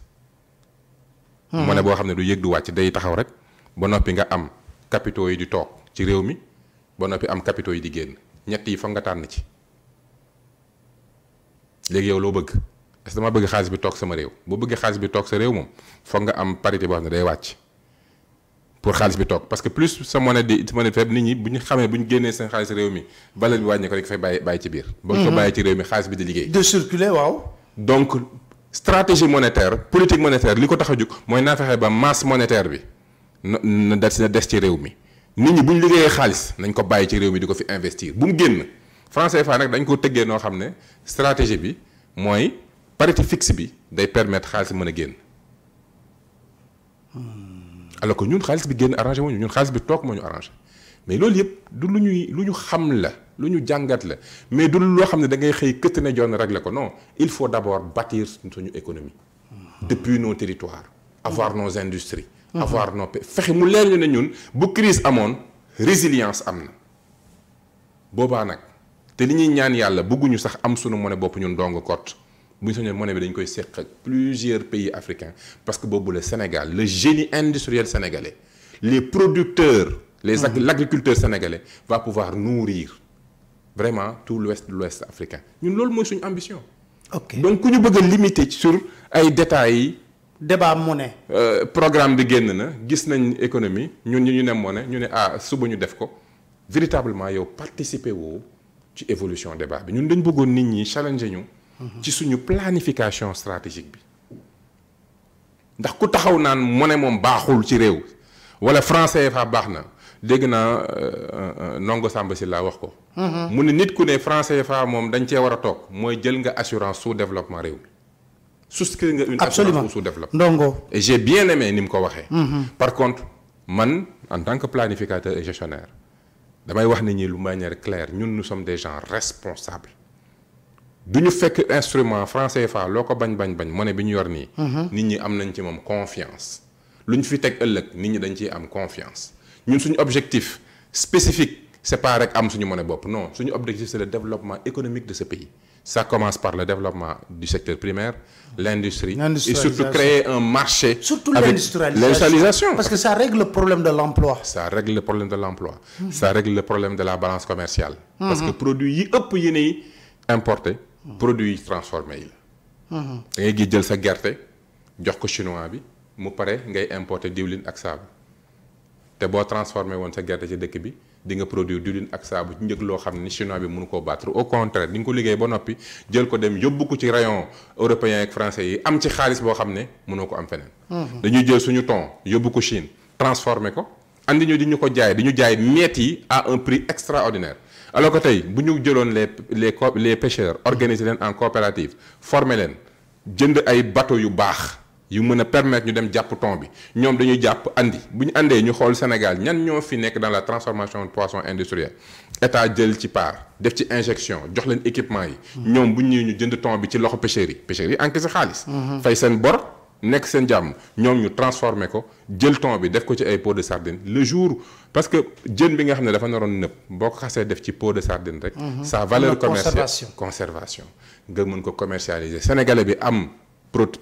hmm. monnaie boo xam ne du yëg du wàcc day taxaw rek ba noppi nga am capitaux yi di toog ci réew mi ba noppi am capitaux yi di génn ñett yi fa nga tànn ci léegi yow loo bëgg est ce dama bëgg xaalis bi toog sama réew boo bëgg xaalis bi toog sa réew moom foog nga am parité boo xam ne day wàcc pour xaalis bi toog parce que plus sa monnaie di sa monnaie faible nit ñi bu ñu xamee bu ñu génnee seen xaalis réew mi valeur bi wàññi ko rek fay bàyyi bàyyi ci biir. boo ko mhm. bàyyi ci réew mi xaalis bi di liggéey. de circuler waaw. donc stratégie monétaire politique monétaire li ko tax a jóg mooy naa fexe ba masse monétaire bi na na des ci réew mi nit ñi bu ñu liggéeyee xaalis nañ ko bàyyi ci réew mi di ko fi investir bu mu génn français FA nag dañ ko tëggee noo xam ne stratégie bi mooy parité fixe bi day permettre xaalis mën a génn. Hmm alors que ñun xaalis bi génn arrangé wu ñun xaalis bi tok moo ñu arrangé mais lool yépp du lu ñuy lu ñu xam la lu ñu jàngat la mais du loo xam ne da ngay xëy këtt ne joon rek la ko non il faut d' abord bâtir suñu économie. depuis nos territoires. avoir nos industries. Mmh. avoir nos fexe mu leer ñu ne ñun bu crise amoon résilience am na boobaa nag te li ñuy ñaan yàlla bëgguñu sax am sunu monnaie bopp ñun dong kott. Nous sommes soñoon monnaie plusieurs pays africains parce que le Sénégal le génie industriel sénégalais les producteurs les agriculteurs mhm. l'agriculteur sénégalais va pouvoir nourrir vraiment tout l'ouest africain Nous avons une ambition donc nous devons limiter sur les détails débat monnaie euh, programme de gain, nous économie nous ñu monnaie nous ah, véritablement participer à l'évolution du débat Nous devons nous challenger ci suñu planification stratégique bi ndax ku taxaw ci wala dégg euh, euh, si wax ko. nit français dañ assurance sous développement une j'ai bien aimé mhm. par contre man en tant que planificateur et gestionnaire damay wax manière claire nous sommes des gens responsables. Si nous fekk instrument français français, loko bañ bañ bañ monnaie biñu yor ni mhm. nit ñi am confiance. Nous avons fi tek ëlëk nit ñi dañ confiance ñun objectif spécifique c'est pas rek am suñu monnaie bop non objectif c'est le développement économique de ce pays. ça commence par le développement du secteur primaire, l'industrie, et surtout créer un marché. Surtout l'industrialisation. Parce que ça règle le problème de l'emploi. Ça règle le problème de l'emploi. Mhm. Ça règle le problème de la balance commerciale. Mhm. Parce que produits, importés, produits transformés yi la. da ngay gis jël sa gerte jox ko chinois bi mu pare ngay importer diwlin ak saabu te transformé on sa gerte ci dëkk bi di nga produire chinois au contraire ba jël ko dem ko ci rayon français yi am ci ne ko am mhm. jël suñu Chine transformé ko andi ñu di ñu ko à un prix extraordinaire alors que si bu ñu les les les pêcheurs organiser en coopérative former leen jënd ay bateaux yu baax yu permettent permettre ñu dem japp ton bi ñom dañuy japp andi bu andé ñu xol Sénégal ñan ñoo fi nek dans la transformation de poisson industriel état jël ci part def ci injection jox leen équipement yi. ñom bu ñu jënd ton bi ci loxo pêcherie pêcherie pêcheurs yi encaissé mhm. fay sen bor nek sen jàmm ñom ñu transformer ko jël ton bi def ko ci ay pot de sardine le jour parce que jën bi nga xamne dafa naroon nëpp boo xasse def ci pot de sardine rek. Mhm. sa valeur commerciale conservation nga mën ko commercialiser sénégalais bi am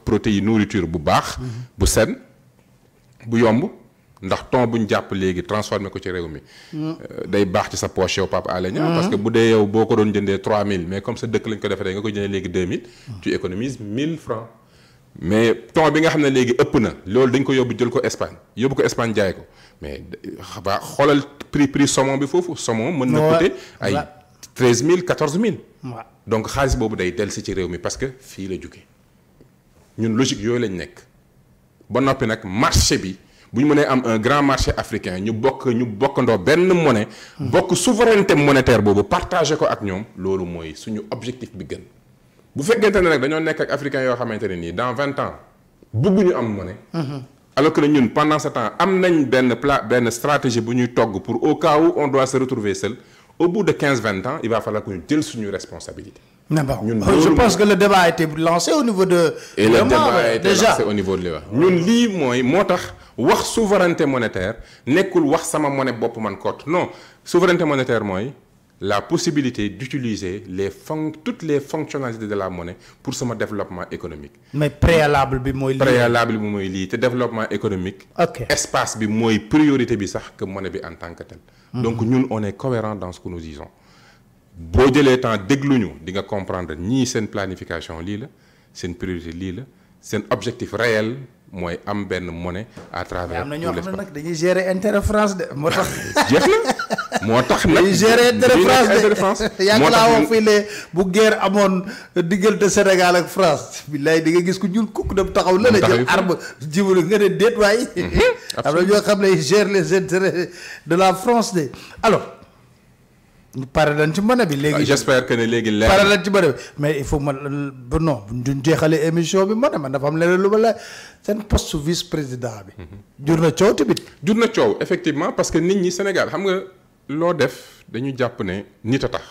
protéine nourriture bu bax mhm. bu sen bu yomb ndax ton bu ñu jàpp léegi transformé ko ci réew mi. Mhm. Euh, day bax ci sa poche yow Pape Alé parce que bu dee yow boko ko jëndé 3000 mais comme sa dëkk lañ ko défé nga ko jëndé légui 2000. tu économises 1000 francs mais temps bi nga xam ne léegi ëpp na loolu dañ ko yóbbu jël ko Espagne yóbbu ko Espagne jaay ko mais xaba xoolal prix prix saumon bi foofu saumon mën na coûter ay treize mille quatorze mille donc xaalis boobu day del si ci réew mi parce que fii la jóge ñun logique yooyu lañ nekk ba noppi nag marché bi bu ñu mënee am un grand marché africain ñu bokk ñu bokkandoo benn monnaie hmm. bokk souveraineté monétaire boobu partagé ko ak ñoom loolu mooy suñu objectif bi gën vous faites ne des gens nekk ak Africains dans 20 ans bëgguñu am monnaie. Mm-hmm. alors que pendant ce temps am nañ une stratégie pour au cas où on doit se retrouver seul au bout de 15-20 ans il va falloir que nous une suñu responsabilité. mais je pense que le débat a été lancé au niveau de. et le débat a euh, été lancé au niveau de l'État. Nous lii mooy moo la souveraineté monétaire n'est pas la monnaie monétaire. man non souveraineté monétaire la possibilité d'utiliser les toutes les fonctionnalités de la monnaie pour son développement économique. Mais préalable c'est préalable développement économique. Espace bi priorité que la que monnaie en tant que telle. Mhm. Donc nous on est cohérent dans ce que nous disons. Bo jëlé temps déglu nous, di comprendre ni une planification c'est une priorité c'est un objectif réel c'est am ben monnaie à travers. gérer moo tax nag géré de France yàgg laa wax fii ne bu guerre amoon diggante Sénégal ak France billaay di nga gis ku ñuul kukk dem taxaw la la jël arme jibalu nga ne déet waay mhm. am na ñoo xam ne gère les intérêts de la France de alors pare nañ ci mën bi léegi j'espère que ne léegi leer pare nañ ci mën bi mais il faut ma ba euh, non duñ jeexale émission bi man a man dafa am leneen lu ma la seen poste vice président bi mhm. jur na coow tamit jur na coow effectivement parce que nit ñi Sénégal xam nga loo def dañu jàpp ne nit a tax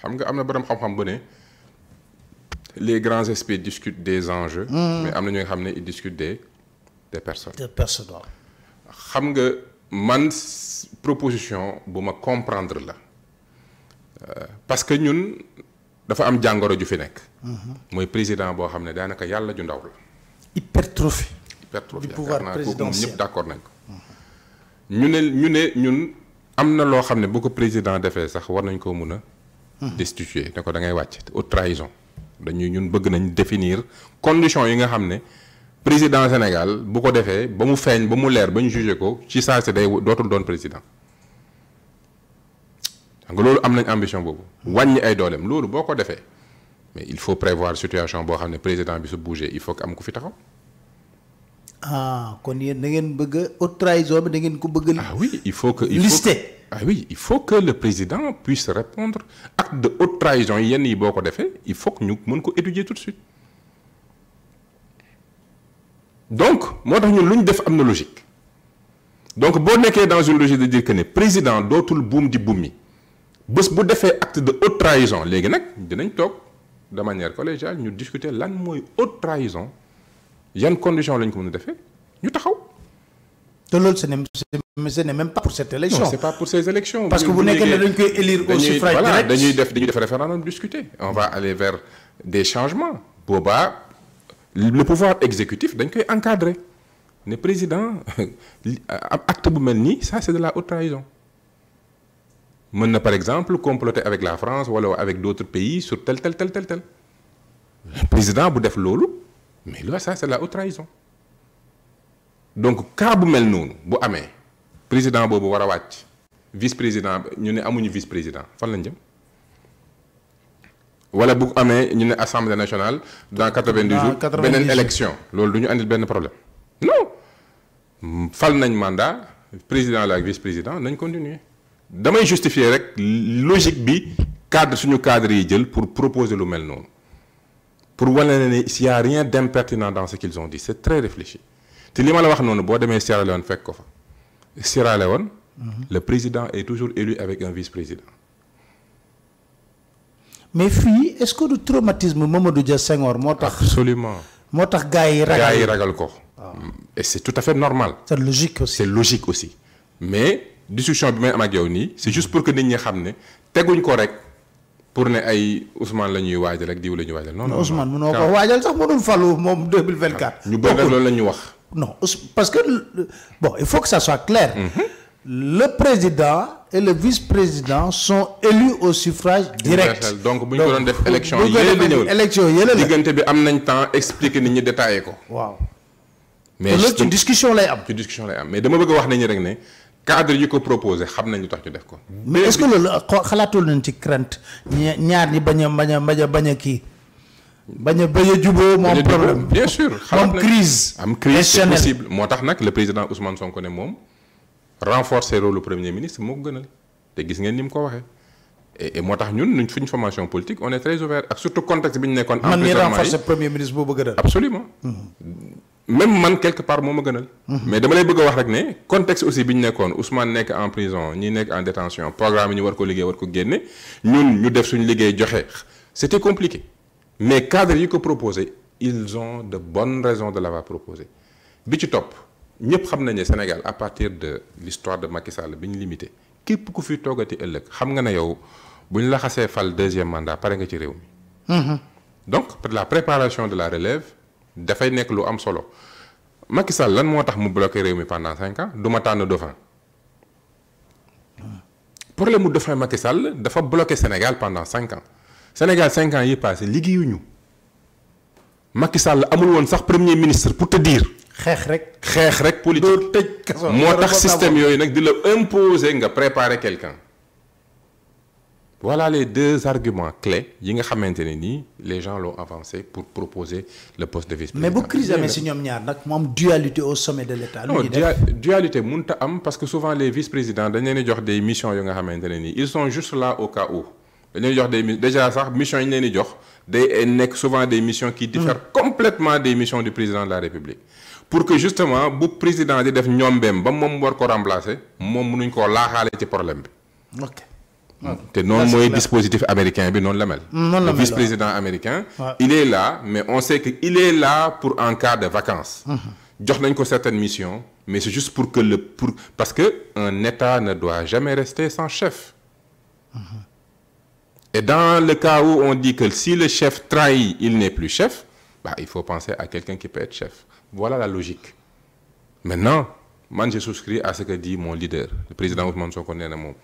xam nga am na borom xam-xam bu ne les grands experts discutent des enjeux. Hmm. mais am na ñoo xam ne ils discutent des des personnes. des personnes xam nga man proposition bu ma comprendre la euh, parce que ñun dafa am jàngoro ju fi nekk. Hmm. mooy président boo xam ne daanaka yàlla ju ndaw la. hypertrophie. hypertrophie du pouvoir présidentiel ñëpp d' accord nañ ko. ñu ne ñu ne ñun amna lo xamné bu ko président défé sax war nañ ko mëna a. destituer ne ko da ngay wacc au trahison. dañuy ñun bëgg nañ définir conditions yi nga xamné président Sénégal bu ko défé ba mu feeñ ba mu lèr ba ñu jugé ko ci saa si day dootul doon président. nga lolu am nañ ambition bobu wañ ay dolem lolu boo ko defee mais il faut prévoir situation bo xamné président bi su bougé il faut que am ku fi taxaw ah kon da ngeen bëgg haute trahison bi da ngeen ko bëgg. ah oui il faut que il faut ah oui il faut que le président puisse répondre acte de haute trahison yenn yi boko défé il faut que ñu mën ko étudier tout de suite donc motax ñun luñ def amna logique donc bo nekkee dans une logique de dire que le président dootul boom di buum yi bés bu défé acte de haute trahison légui nak dinañ tok de manière collégiale ñu discuter lan moy haute trahison une condition lañ ko mën a defee ñu taxaw. te ce n'est même pas pour cette élection. non n'est pas pour ces élections. parce que vous n'êtes que dañ koy élire au suffrage direct voilà nous def fait référendum discuter. on va aller vers des changements. Boba, le pouvoir exécutif dañ koy encadrer Le président acte de mel ça c'est de la haute trahison. Nous, par exemple comploter avec la France ou avec d'autres pays sur tel tel tel tel tel président bu def loolu mais là ça c'est la haute trahison donc quand bu mel un bu président boobu war a vice président ñu ne amuñu vice président fan lañ jëm wala bu assemblée nationale dans 92 jours, jours une élection Nous du ñu andil problème non fal nañ mandat président la vice président nañ continuer damay justifier rek logique bi cadre suñu cadre pour proposer le même. nom pour voir s'il n'y a rien d'impertinent dans ce qu'ils ont dit c'est très réfléchi Tu li ma la Si je boo Sierra Leone Sierra Leone mhm. le président est toujours élu avec un vice-président mais fille, est-ce que le traumatisme Mamadou Dia Senghor moo absolument C'est tax yi ragal ah. et c'est tout à fait normal c'est logique aussi c'est logique aussi mais discussion bi may am c'est juste pour que nous sachions que ne ko pour ne ay Ousmane lañuy rek non non Ousmane sax mënul 2024. ñu non parce que bon il faut que ça soit clair. Mm-hmm. le président et le vice-président sont élus au suffrage direct. donc buñ ko doon def élection des élections. élection bi am nañ temps expliquer nit ñi ko. mais une discussion lay discussion mais dama bëgg wax cadre yi ko proposé xam tax ñu def ko. mais est-ce que loolu xalaatul nañ ci crainte ñaar ñi bañ a bañ a bañ a bañ a problème bien sûr. moom crise am crise c'est possible moo le président Ousmane Sonko ne moom renforcer rôle du premier ministre mo ko gënal te gis ngeen ni ko waxé. et et tax ñun nuñ suñ formation politique on est très ouvert ak surtout contexte bi ñu nekkoon. emprisonnement yi man mii renforcer premier ministre boobu gën a. absolument. Mm-hmm même man quelque part moo ma gënal. mais dama lay bëgg wax rek né contexte aussi biñ ñu Ousmane nekk en prison ñi nekk en détention programme ñu war ko liggéey war ko génne ñun ñu def suñu liggéey joxé c'était compliqué mais cadre yi ko proposé ils ont de bonnes raisons de l'avoir proposé bi ci top ñëpp xam nañ Sénégal à partir de l'histoire de Macky Sall biñ limité képp ku fi toogati ëlëk xam nga né yow buñ la xassé fal deuxième mandat paré nga ci réew mi. Mm-hmm. donc la préparation de la relève dafay nekk lu am solo Macky Sall lan moo tax mu bloqué réew pendant 5 ans du ma tànn dauphin problème de dauphin Macky Sall dafa bloqué Sénégal pendant 5 ans Sénégal 5 ans yi passé liggéeyuñu Macky Sall amul woon sax premier ministre pour te dire xeex rek xeex rek politique moo tax système yooyu nag di la imposer nga préparer quelqu'un voilà les deux arguments clés yi nga xamante les gens l'ont avancé pour proposer le poste de vice-président. mais bu crise amee si ñoom ñaar nag dualité au sommet de l'État. non dualité mënut am parce que souvent les vice-présidents dañ leen des missions nga ils sont juste là au cas où déjà sax missions yi ñu souvent des missions qui diffèrent mm. complètement des missions du président de la République. pour que justement le président di def ñoom beem ba moom war ko remplacer moom mënuñ koo laaxaale ci problème bi. ok. Non, Non, le dispositif américain la le vice président américain. il est là mais on sait qu'il est là pour un cas de vacances. Mm-hmm. jox a ko certaines mission, mais c'est juste pour que le pour parce que un État ne doit jamais rester sans chef. Mm-hmm. Et dans le cas où on dit que si le chef trahit, il n'est plus chef, bah, il faut penser à quelqu'un qui peut être chef. Voilà la logique. Maintenant, moi, je souscris à ce que dit mon leader, le président Ousmane mon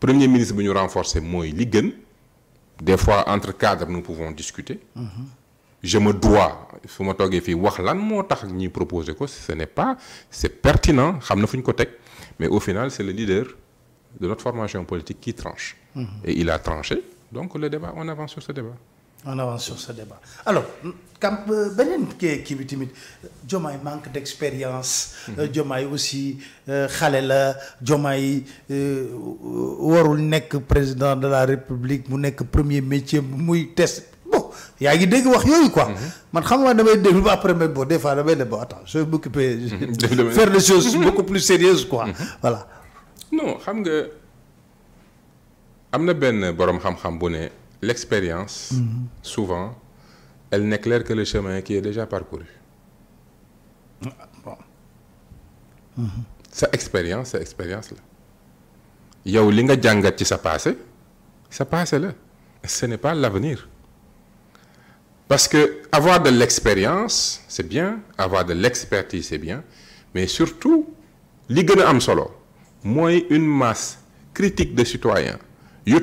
premier ministre bu ñu renforcer il li des fois entre cadres nous pouvons discuter. Mm-hmm. je me dois wax lan ce n'est pas c'est pertinent mais au final c'est le leader de notre formation politique qui tranche. Mm-hmm. et il a tranché donc le débat on avance sur ce débat. on avance sur ce débat alors camp euh, beneen kii kii bi tamit Diomaye manque d'expérience. Hmm. Euh, Diomaye aussi euh, xale la Diomaye warul nek président de la république mu nek premier métier muy test bon yaa ngi dégg wax yoy quoi. Hmm. man xam nga damay déglu ba premier mais bon des fois damay le bon attends je vais m'occuper faire les choses beaucoup plus sérieuses quoi hmm. voilà. non xam nga amna ben borom xam-xam bu ne l'expérience. souvent elle n'éclaire que le chemin qui est déjà parcouru. Ah, bon. Mhm. sa expérience sa expérience là. yow li nga Ça ci sa passé ce n'est pas l'avenir parce que avoir de l'expérience c'est bien avoir de l'expertise c'est bien mais surtout li solo une masse critique de citoyens yu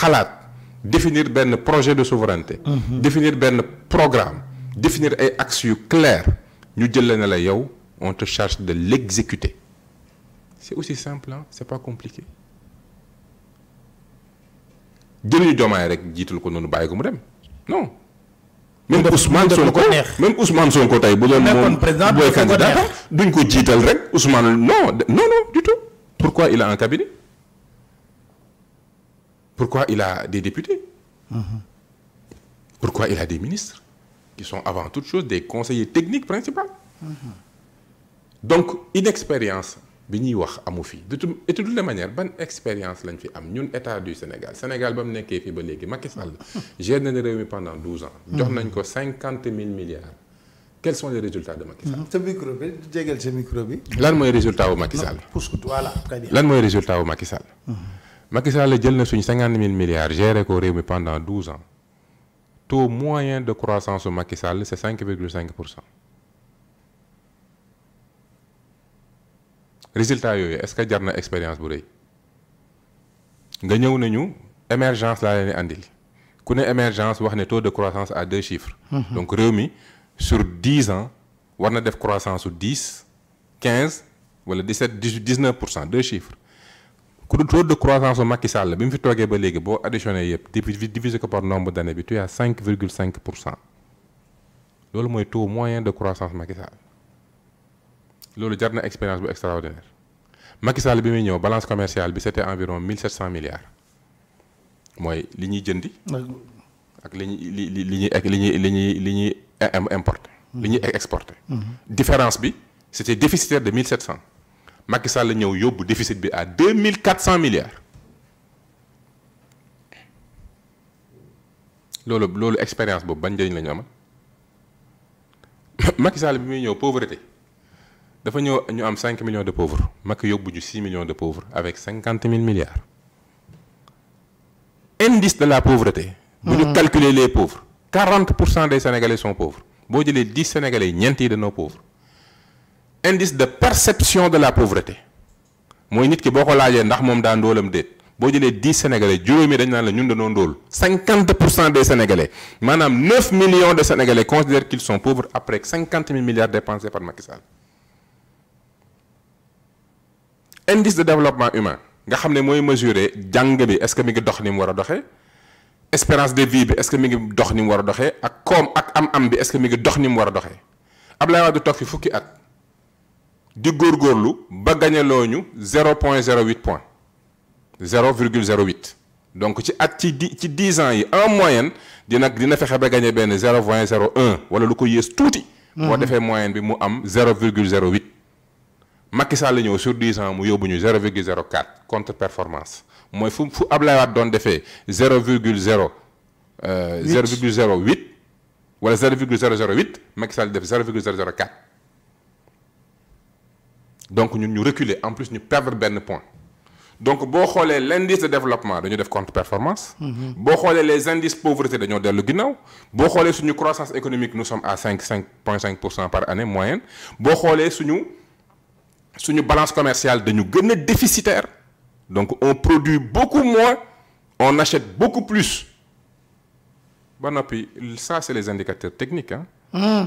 khalat, définir un projet de souveraineté. Mhm. définir un programme définir ay axes claires. ñu jël la on te charge de l'exécuter c'est aussi simple hein c'est pas compliqué jëluñu Diomaye rek jiital ko noonu bàyyi ko mu dem non. même Ousmane Sonko même Ousmane Sonko tey bu doon moom candidat duñ ko jiital rek Ousmane non non non du tout pourquoi il a un cabinet pourquoi il a des députés Pourquoi il a des ministres qui sont avant toute chose des conseillers techniques principaux mmh. Donc, inexpérience, de, tout, et de toutes les manières, bonne expérience lañ fi am ñun état du Sénégal Sénégal Sénégal, j'ai nekkee ba pendant 12 ans. Mm-hmm. jox nañ 50 000 milliards. quels sont les résultats de Macky Sall. le micro bi jégal sa micro bi. résultat wu Macky Sall. là, résultat Macky Sall. Macky a jël na 50 000 milliards j'ai ko pendant 12 ans. Le Taux moyen de croissance de Sall c'est 5,5%. Résultat yoyé est-ce que a une expérience bu reuy? Nga émergence la andil. émergence a un taux de croissance à deux chiffres. Mhm. Donc sur 10 ans on a une croissance de 10 15 17 19% deux chiffres. Le taux de croissance au Macky Sall bi mu fi toogee ba additionné divisé ko par nombre d'années bi tu as 5,5%. taux moyen de croissance Macky Sall C'est une expérience extraordinaire Macky Sall la balance commerciale c'était environ 1700 milliards C'est li ñuy jëndi. ak li ñuy li li ñuy li La mm-hmm. différence bi c'était déficitaire de 1700. Macky Sall eu yobbu déficit à 2400 milliards C'est lolu expérience bobu bañ lañu am pauvreté Nous avons 5 millions de pauvres Macky yobbu eu 6 millions de pauvres avec 50 000 milliards indice de la pauvreté Vous mmh. calculez les pauvres 40% des sénégalais sont pauvres bo jëlé 10 sénégalais ñent yi pas pauvres indice de perception de la pauvreté Moi, nit ki que ko laajee ndax moom daa ndóolam déet boo jëlee 10 sénégalais juróomi dañ naan la ñun dañoo ndóol 50% des sénégalais Madame, 9 millions de sénégalais considèrent qu'ils sont pauvres après 50 000 milliards dépensés par Macky Sall indice de développement humain nga xam moi, mooy mesurer jàng bi est-ce que mi ngi dox ni mu war espérance de vie est-ce que mi ngi dox ni mu war a ak koom ak am-am est-ce que mi ngi dox ni mu war a doxee Abdoulaye Wade toog fi fukki du gorgorlu ba gagné 0.08 points 0.08 donc ci at ci 10 ans yi en moyenne dina dina fexé ba gagné ben 0.01 wala lu ko yes touti mhm. bo défé moyenne bi mu am 0.08 Macky Sall ñew sur 10 ans mu yobuñu 0.04 contre performance moy fu fu Ablaye Wade don défé 0.0 euh 0.08 wala 0.008 Macky Sall def 0.004 donc nous nous reculer en plus nous perdons de points. donc vous regardez l'indice de développement dañu def contre performance vous mhm. les indices de pauvreté dañoo dellu Si vous regardez suñu croissance économique nous sommes à 5,5% par année moyenne Si vous suñu suñu balance commerciale nous sommes déficitaires. déficitaire donc on produit beaucoup moins on achète beaucoup plus ba puis, ça c'est les indicateurs techniques hein hmm.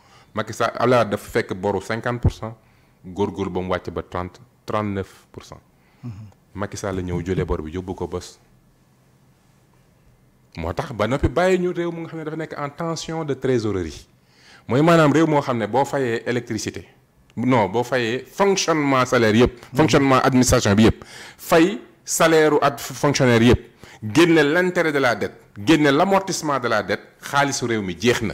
Macky Sall Abdoulaye dafa fekk boru cinquante pour cent góorgóor ba mu wàcc ba trente trente neuf pour cent. Mhm. Macky Sall ñëw jëlee bor bi yóbbu ko bës. moo tax ba noppi bàyyi ñu réew mu nga xam ne dafa nekk en tension de trésorerie mooy maanaam réew moo xam ne boo fayee électricité non boo fayee fonctionnement salaire yëpp. Mhm. fonctionnement administration bi yëpp. fay salaire at fonctionnaire yëpp. génne l' intérêt de la dette. génne l' amortissement de la dette xaalisu réew mi jeex na.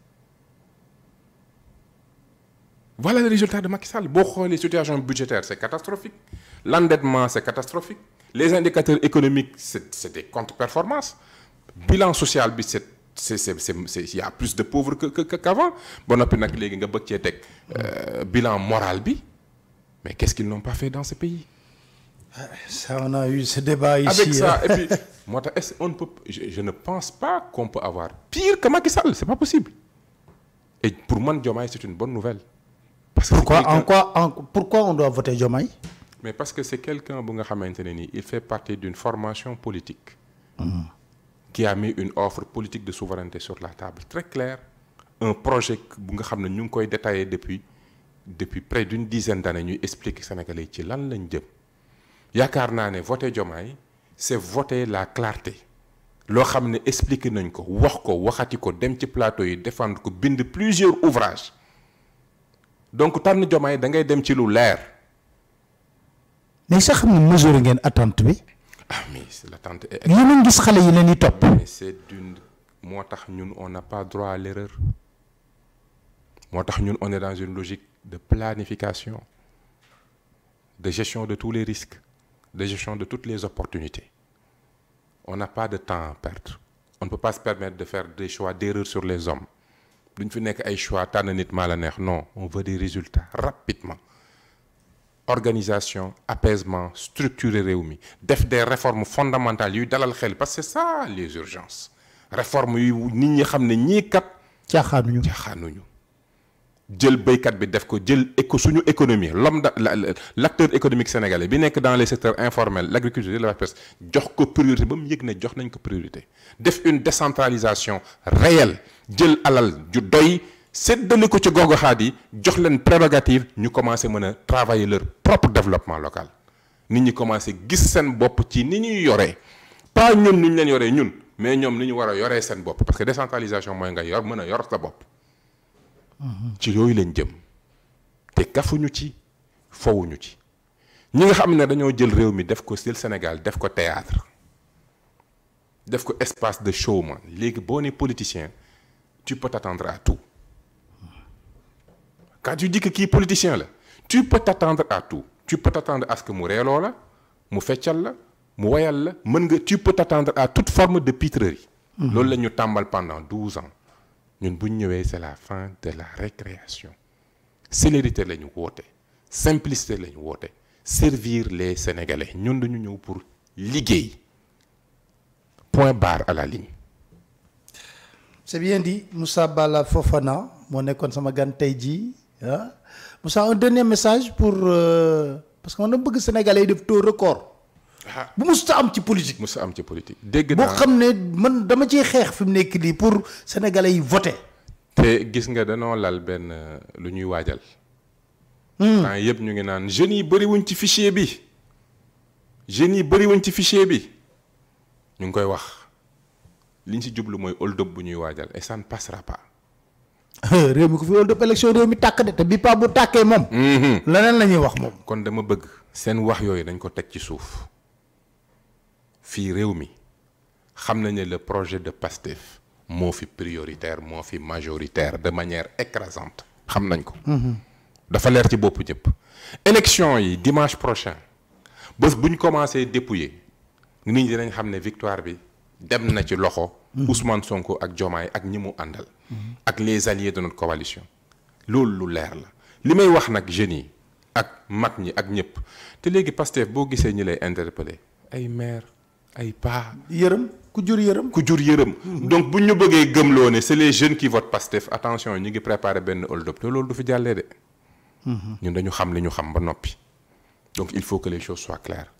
voilà le résultat de Macky Sall Les xoolee situation budgétaire c'est catastrophique l'endettement c'est catastrophique les indicateurs économiques c'est des contre-performances bilan social il y a plus de pauvres qu'avant Bon, a euh, bilan moral mais qu'est-ce qu'ils n'ont pas fait dans ce pays. ça on a eu ce débat ici avec ça hein. et puis je, ne pense pas qu'on peut avoir pire que Macky Sall c'est pas possible et pour moi, c'est une bonne nouvelle parce pourquoi en quoi en pourquoi on doit voter Diomaye mais parce que c'est quelqu'un qui il fait partie d'une formation politique hmm. qui a mis une offre politique de souveraineté sur la table très claire un projet que nous avons détaillé depuis depuis près d'une dizaine d'années ñuy expliquer Sénégalais ci lan lañ jëm yaakaar naa ne voter Diomaye c'est voter la clarté Lo xam expliquer expliqué nañ ko wax ko waxati ko dem ci plateau yi défendre ko bind plusieurs ouvrages donc quand on da ngay dem ci lu mais sax mesure ngeen attente bi. ah mais l'attente est. a gis c'est d'une on n'a pas droit à l'erreur on est dans une logique de planification de gestion de tous les risques de gestion de toutes les opportunités on n'a pas de temps à perdre on ne peut pas se permettre de faire des choix d'erreur sur les hommes. Nous ne nekk pas choix tànn nit maa la neex non on veut des résultats rapidement organisation apaisement structurer et réunion. def des réformes fondamentales parce que c'est ça les urgences réformes yu nit ñi xam ne ñii kat jël béykat bi def ko jël éco suñu économie l'homme l'acteur économique sénégalais bi nek dans les secteurs informels l'agriculture, la pêche jox ko priorité bam mu yëg jox nañ ko priorité def une décentralisation réelle jël alal ju doy séddale ko ci gogo xadi jox len prérogative ñu commencer mën travailler leur propre développement local nit ñi commencer gis sen bop ci ni ñuy yoré pas ñun ni ñu leen yoré ñun mais ñom ni ñu wara yoré sen bop parce que décentralisation mooy nga yor mën yor sa bop ci yooyu lañ jëm te kafuñu ci fowuñu ci ñi nga xam ne dañoo jël réew mi def ko Sénégal def ko théâtre def ko espace de showman man. boo nee politicien tu peux t'attendre à tout quand tu dis que est politicien là, tu peux t'attendre à tout tu peux t'attendre à ce que mu réelo la mu fétial la mu wayal la tu peux t'attendre à toute forme de pitrerie mm-hmm. loolu la ñu fait pendant 12 ans nous bu c'est la fin de la récréation célérité simplicité servir les sénégalais Nous pour liguer. point barre à la ligne. c'est bien dit Moussa Bala Fofana mon école ah. un dernier message pour euh, parce que man sénégalais de tout record. Ah. bu musta am ci politique. musta am ci politique dégg naa boo xam ne man dama ci xeex fi mu nekk nii pour sénégalais yi voter. te gis nga danoo lal benn euh, lu ñuy waajal. Hmm. temps yëpp ñu ngi naan jeunes yi bëriwuñ ci fichier bi jeunes yi bëriwuñ ci fichier bi ñu ngi koy wax liñ ñu si jublu mooy hold bu ñuy waajal et ça ne passera pas. réew mi ku fi hold-up réew mi tàkk de te bi bu tàkkee moom. Mhm. leneen la ñuy wax moom. kon dama bëgg seen wax yooyu dañ ko teg ci suuf. fi réew mi xam le projet de PASTEF mo fi prioritaire mo fi majoritaire de manière écrasante xam nañ ko. Mhm. dafa leer ci bopp ñëpp. élection yi dimanche prochain bëss buñ commencé dépouiller nit ñi dinañ xamné victoire bi dem na ci loxo. Mhm. Ousmane Sonko ak Diomaye ak ñimu Andal, mhm. ak les alliés de notre coalition. loolu lu leer la limay wax nak génie ak mag ñi ak ñëpp té légui Pastef bo gisee ñi lay interpeller ay maire ay pas, donc si nous bëggee c'est les jeunes qui votent Pastef attention nous ngi préparé benn hold-up Nous loolu du fi mhm. Nous savons donc il faut que les choses soient claires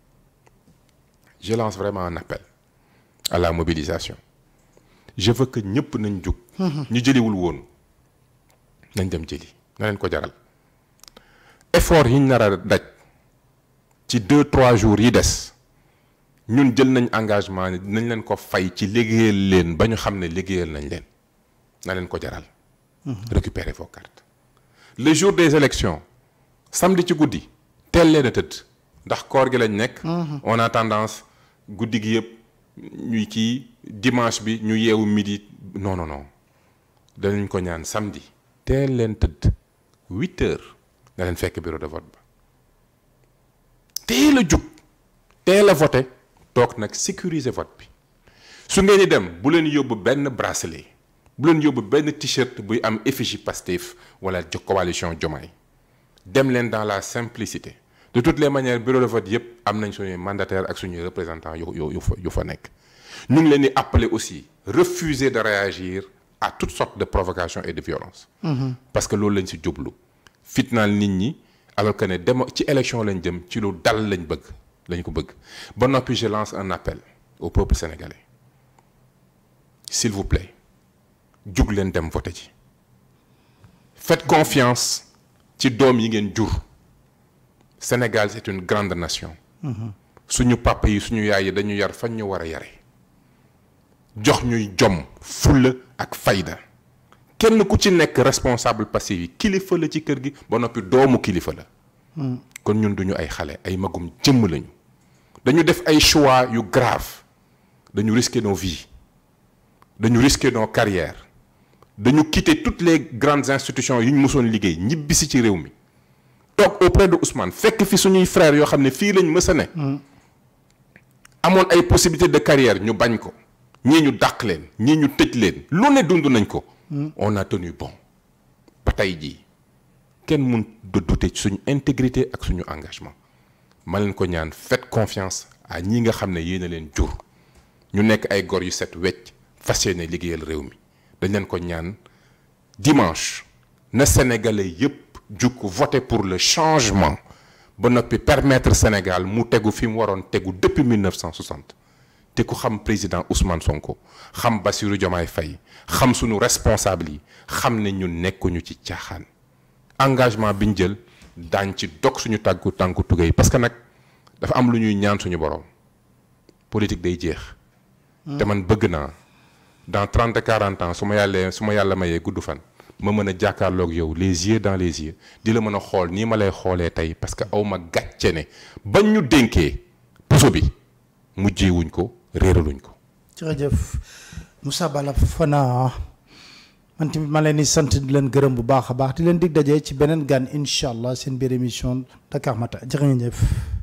je lance vraiment un appel à la mobilisation je veux que nous nañ jug mhm. ñu jëliwul Nous nañ dem Nous na leen nous jaral effort yi ñu deux trois jours ñun jël nañ engagement ne dinañ leen ko fay ci liggéeyal leen ba ñu xam ne liggéeyal nañ leen na leen ko jaral. Mhm. récupérer vos cartes. le jour des élections samedi ci guddi teel leen a tëdd ndax koor gi lañ nekk. Mhm. on a tendance guddi gi yëpp ñuy kii dimanche bi ñu yeewu midi non non non danañ ko ñaan samedi teel leen tëdd huit heures na leen fekk bureau de vote ba teel a jug teel a voter donc, nag sécuriser vote bi su ngeen vous dem bu len yóbbu ben bracelet bu len yóbbu ben t-shirt bu am effigie Pastef wala coalition Diomaye dem len dans la simplicité de toutes les manières bureau de vote yep am nañ suñu mandataire ak suñu représentant yu yu fa yu fa nek ñu ngi appeler aussi refuser de réagir à toutes sortes de provocations et de violences mm-hmm. parce que loolu lañ si jublu fitnaal nit ñi alors que ne ci élection lañ dem ci lu dal lañ bëgg lañu ko bëgg je lance un appel au peuple sénégalais s'il vous plaît jug leen dem voté faites confiance ci doom yi ngeen Sénégal c'est une grande nation suñu papa yi suñu yaay yi dañu yar fañ ñu war a jox ñuy jom fulla ak fayda kenn ku ci nekk responsable passif yi kilifa la ci kër gi ba noppi doomu kilifa la kon ñun duñu ay xalé ay magum jëm lañu dañu def ay choix yu grave dañu risquer nos vies dañu risquer nos carrières dañu quitter toutes les grandes institutions yu ñu mësoon liggéey ñibbisi ci réew mi toog auprès de Ousmane fekk fi suñuy frère yo xamné fi fii lañ mës hmm. amone ay possibilités de carrière ñu bañ ko ñi ñu dakk leen ñi ñu tëj leen lu ne dund nañ ko hmm. on a tenu bon ba tey kenn mun do douter ci suñu intégrité ak suñu engagement ma ko ñaan faites confiance à ñi nga xam ne yéen a leen jur ñu nekk ay gor yu set wecc fas yéene liggéeyal réew mi dañ leen ko ñaan dimanche na sénégalais yépp jug voter pour le changement ba noppi permettre Sénégal mu tegu fi mu waroon tegu depuis 1960 te ku xam président Ousmane Sonko xam Bassirou Diomaye fay xam suñu responsable yi xam ne ñu nekkuñu ci caaxaan. engagement bi ñu jël daañ ci dog suñu tàggu tànku tugay parce que nag dafa am lu ñuy ñaan suñu borom politique day jeex. te man bëgg naa dans trente quarante ans su ma yàlla su ma yàlla mayee gudd fan ma mën a jàkkaarloog yow les yeux dans les yeux di la mën a xool nii ma lay xoolee tey parce que aw ma gàcce ne bañ ñu dénkee puso bi mujjee wuñ ko réeraluñ ko. man tamit ma leen di sant di leen gërëm bu baax a baax di leen dig dajee ci beneen gan incha allah seen biir émission Dakar Matin jërë ngeen jëf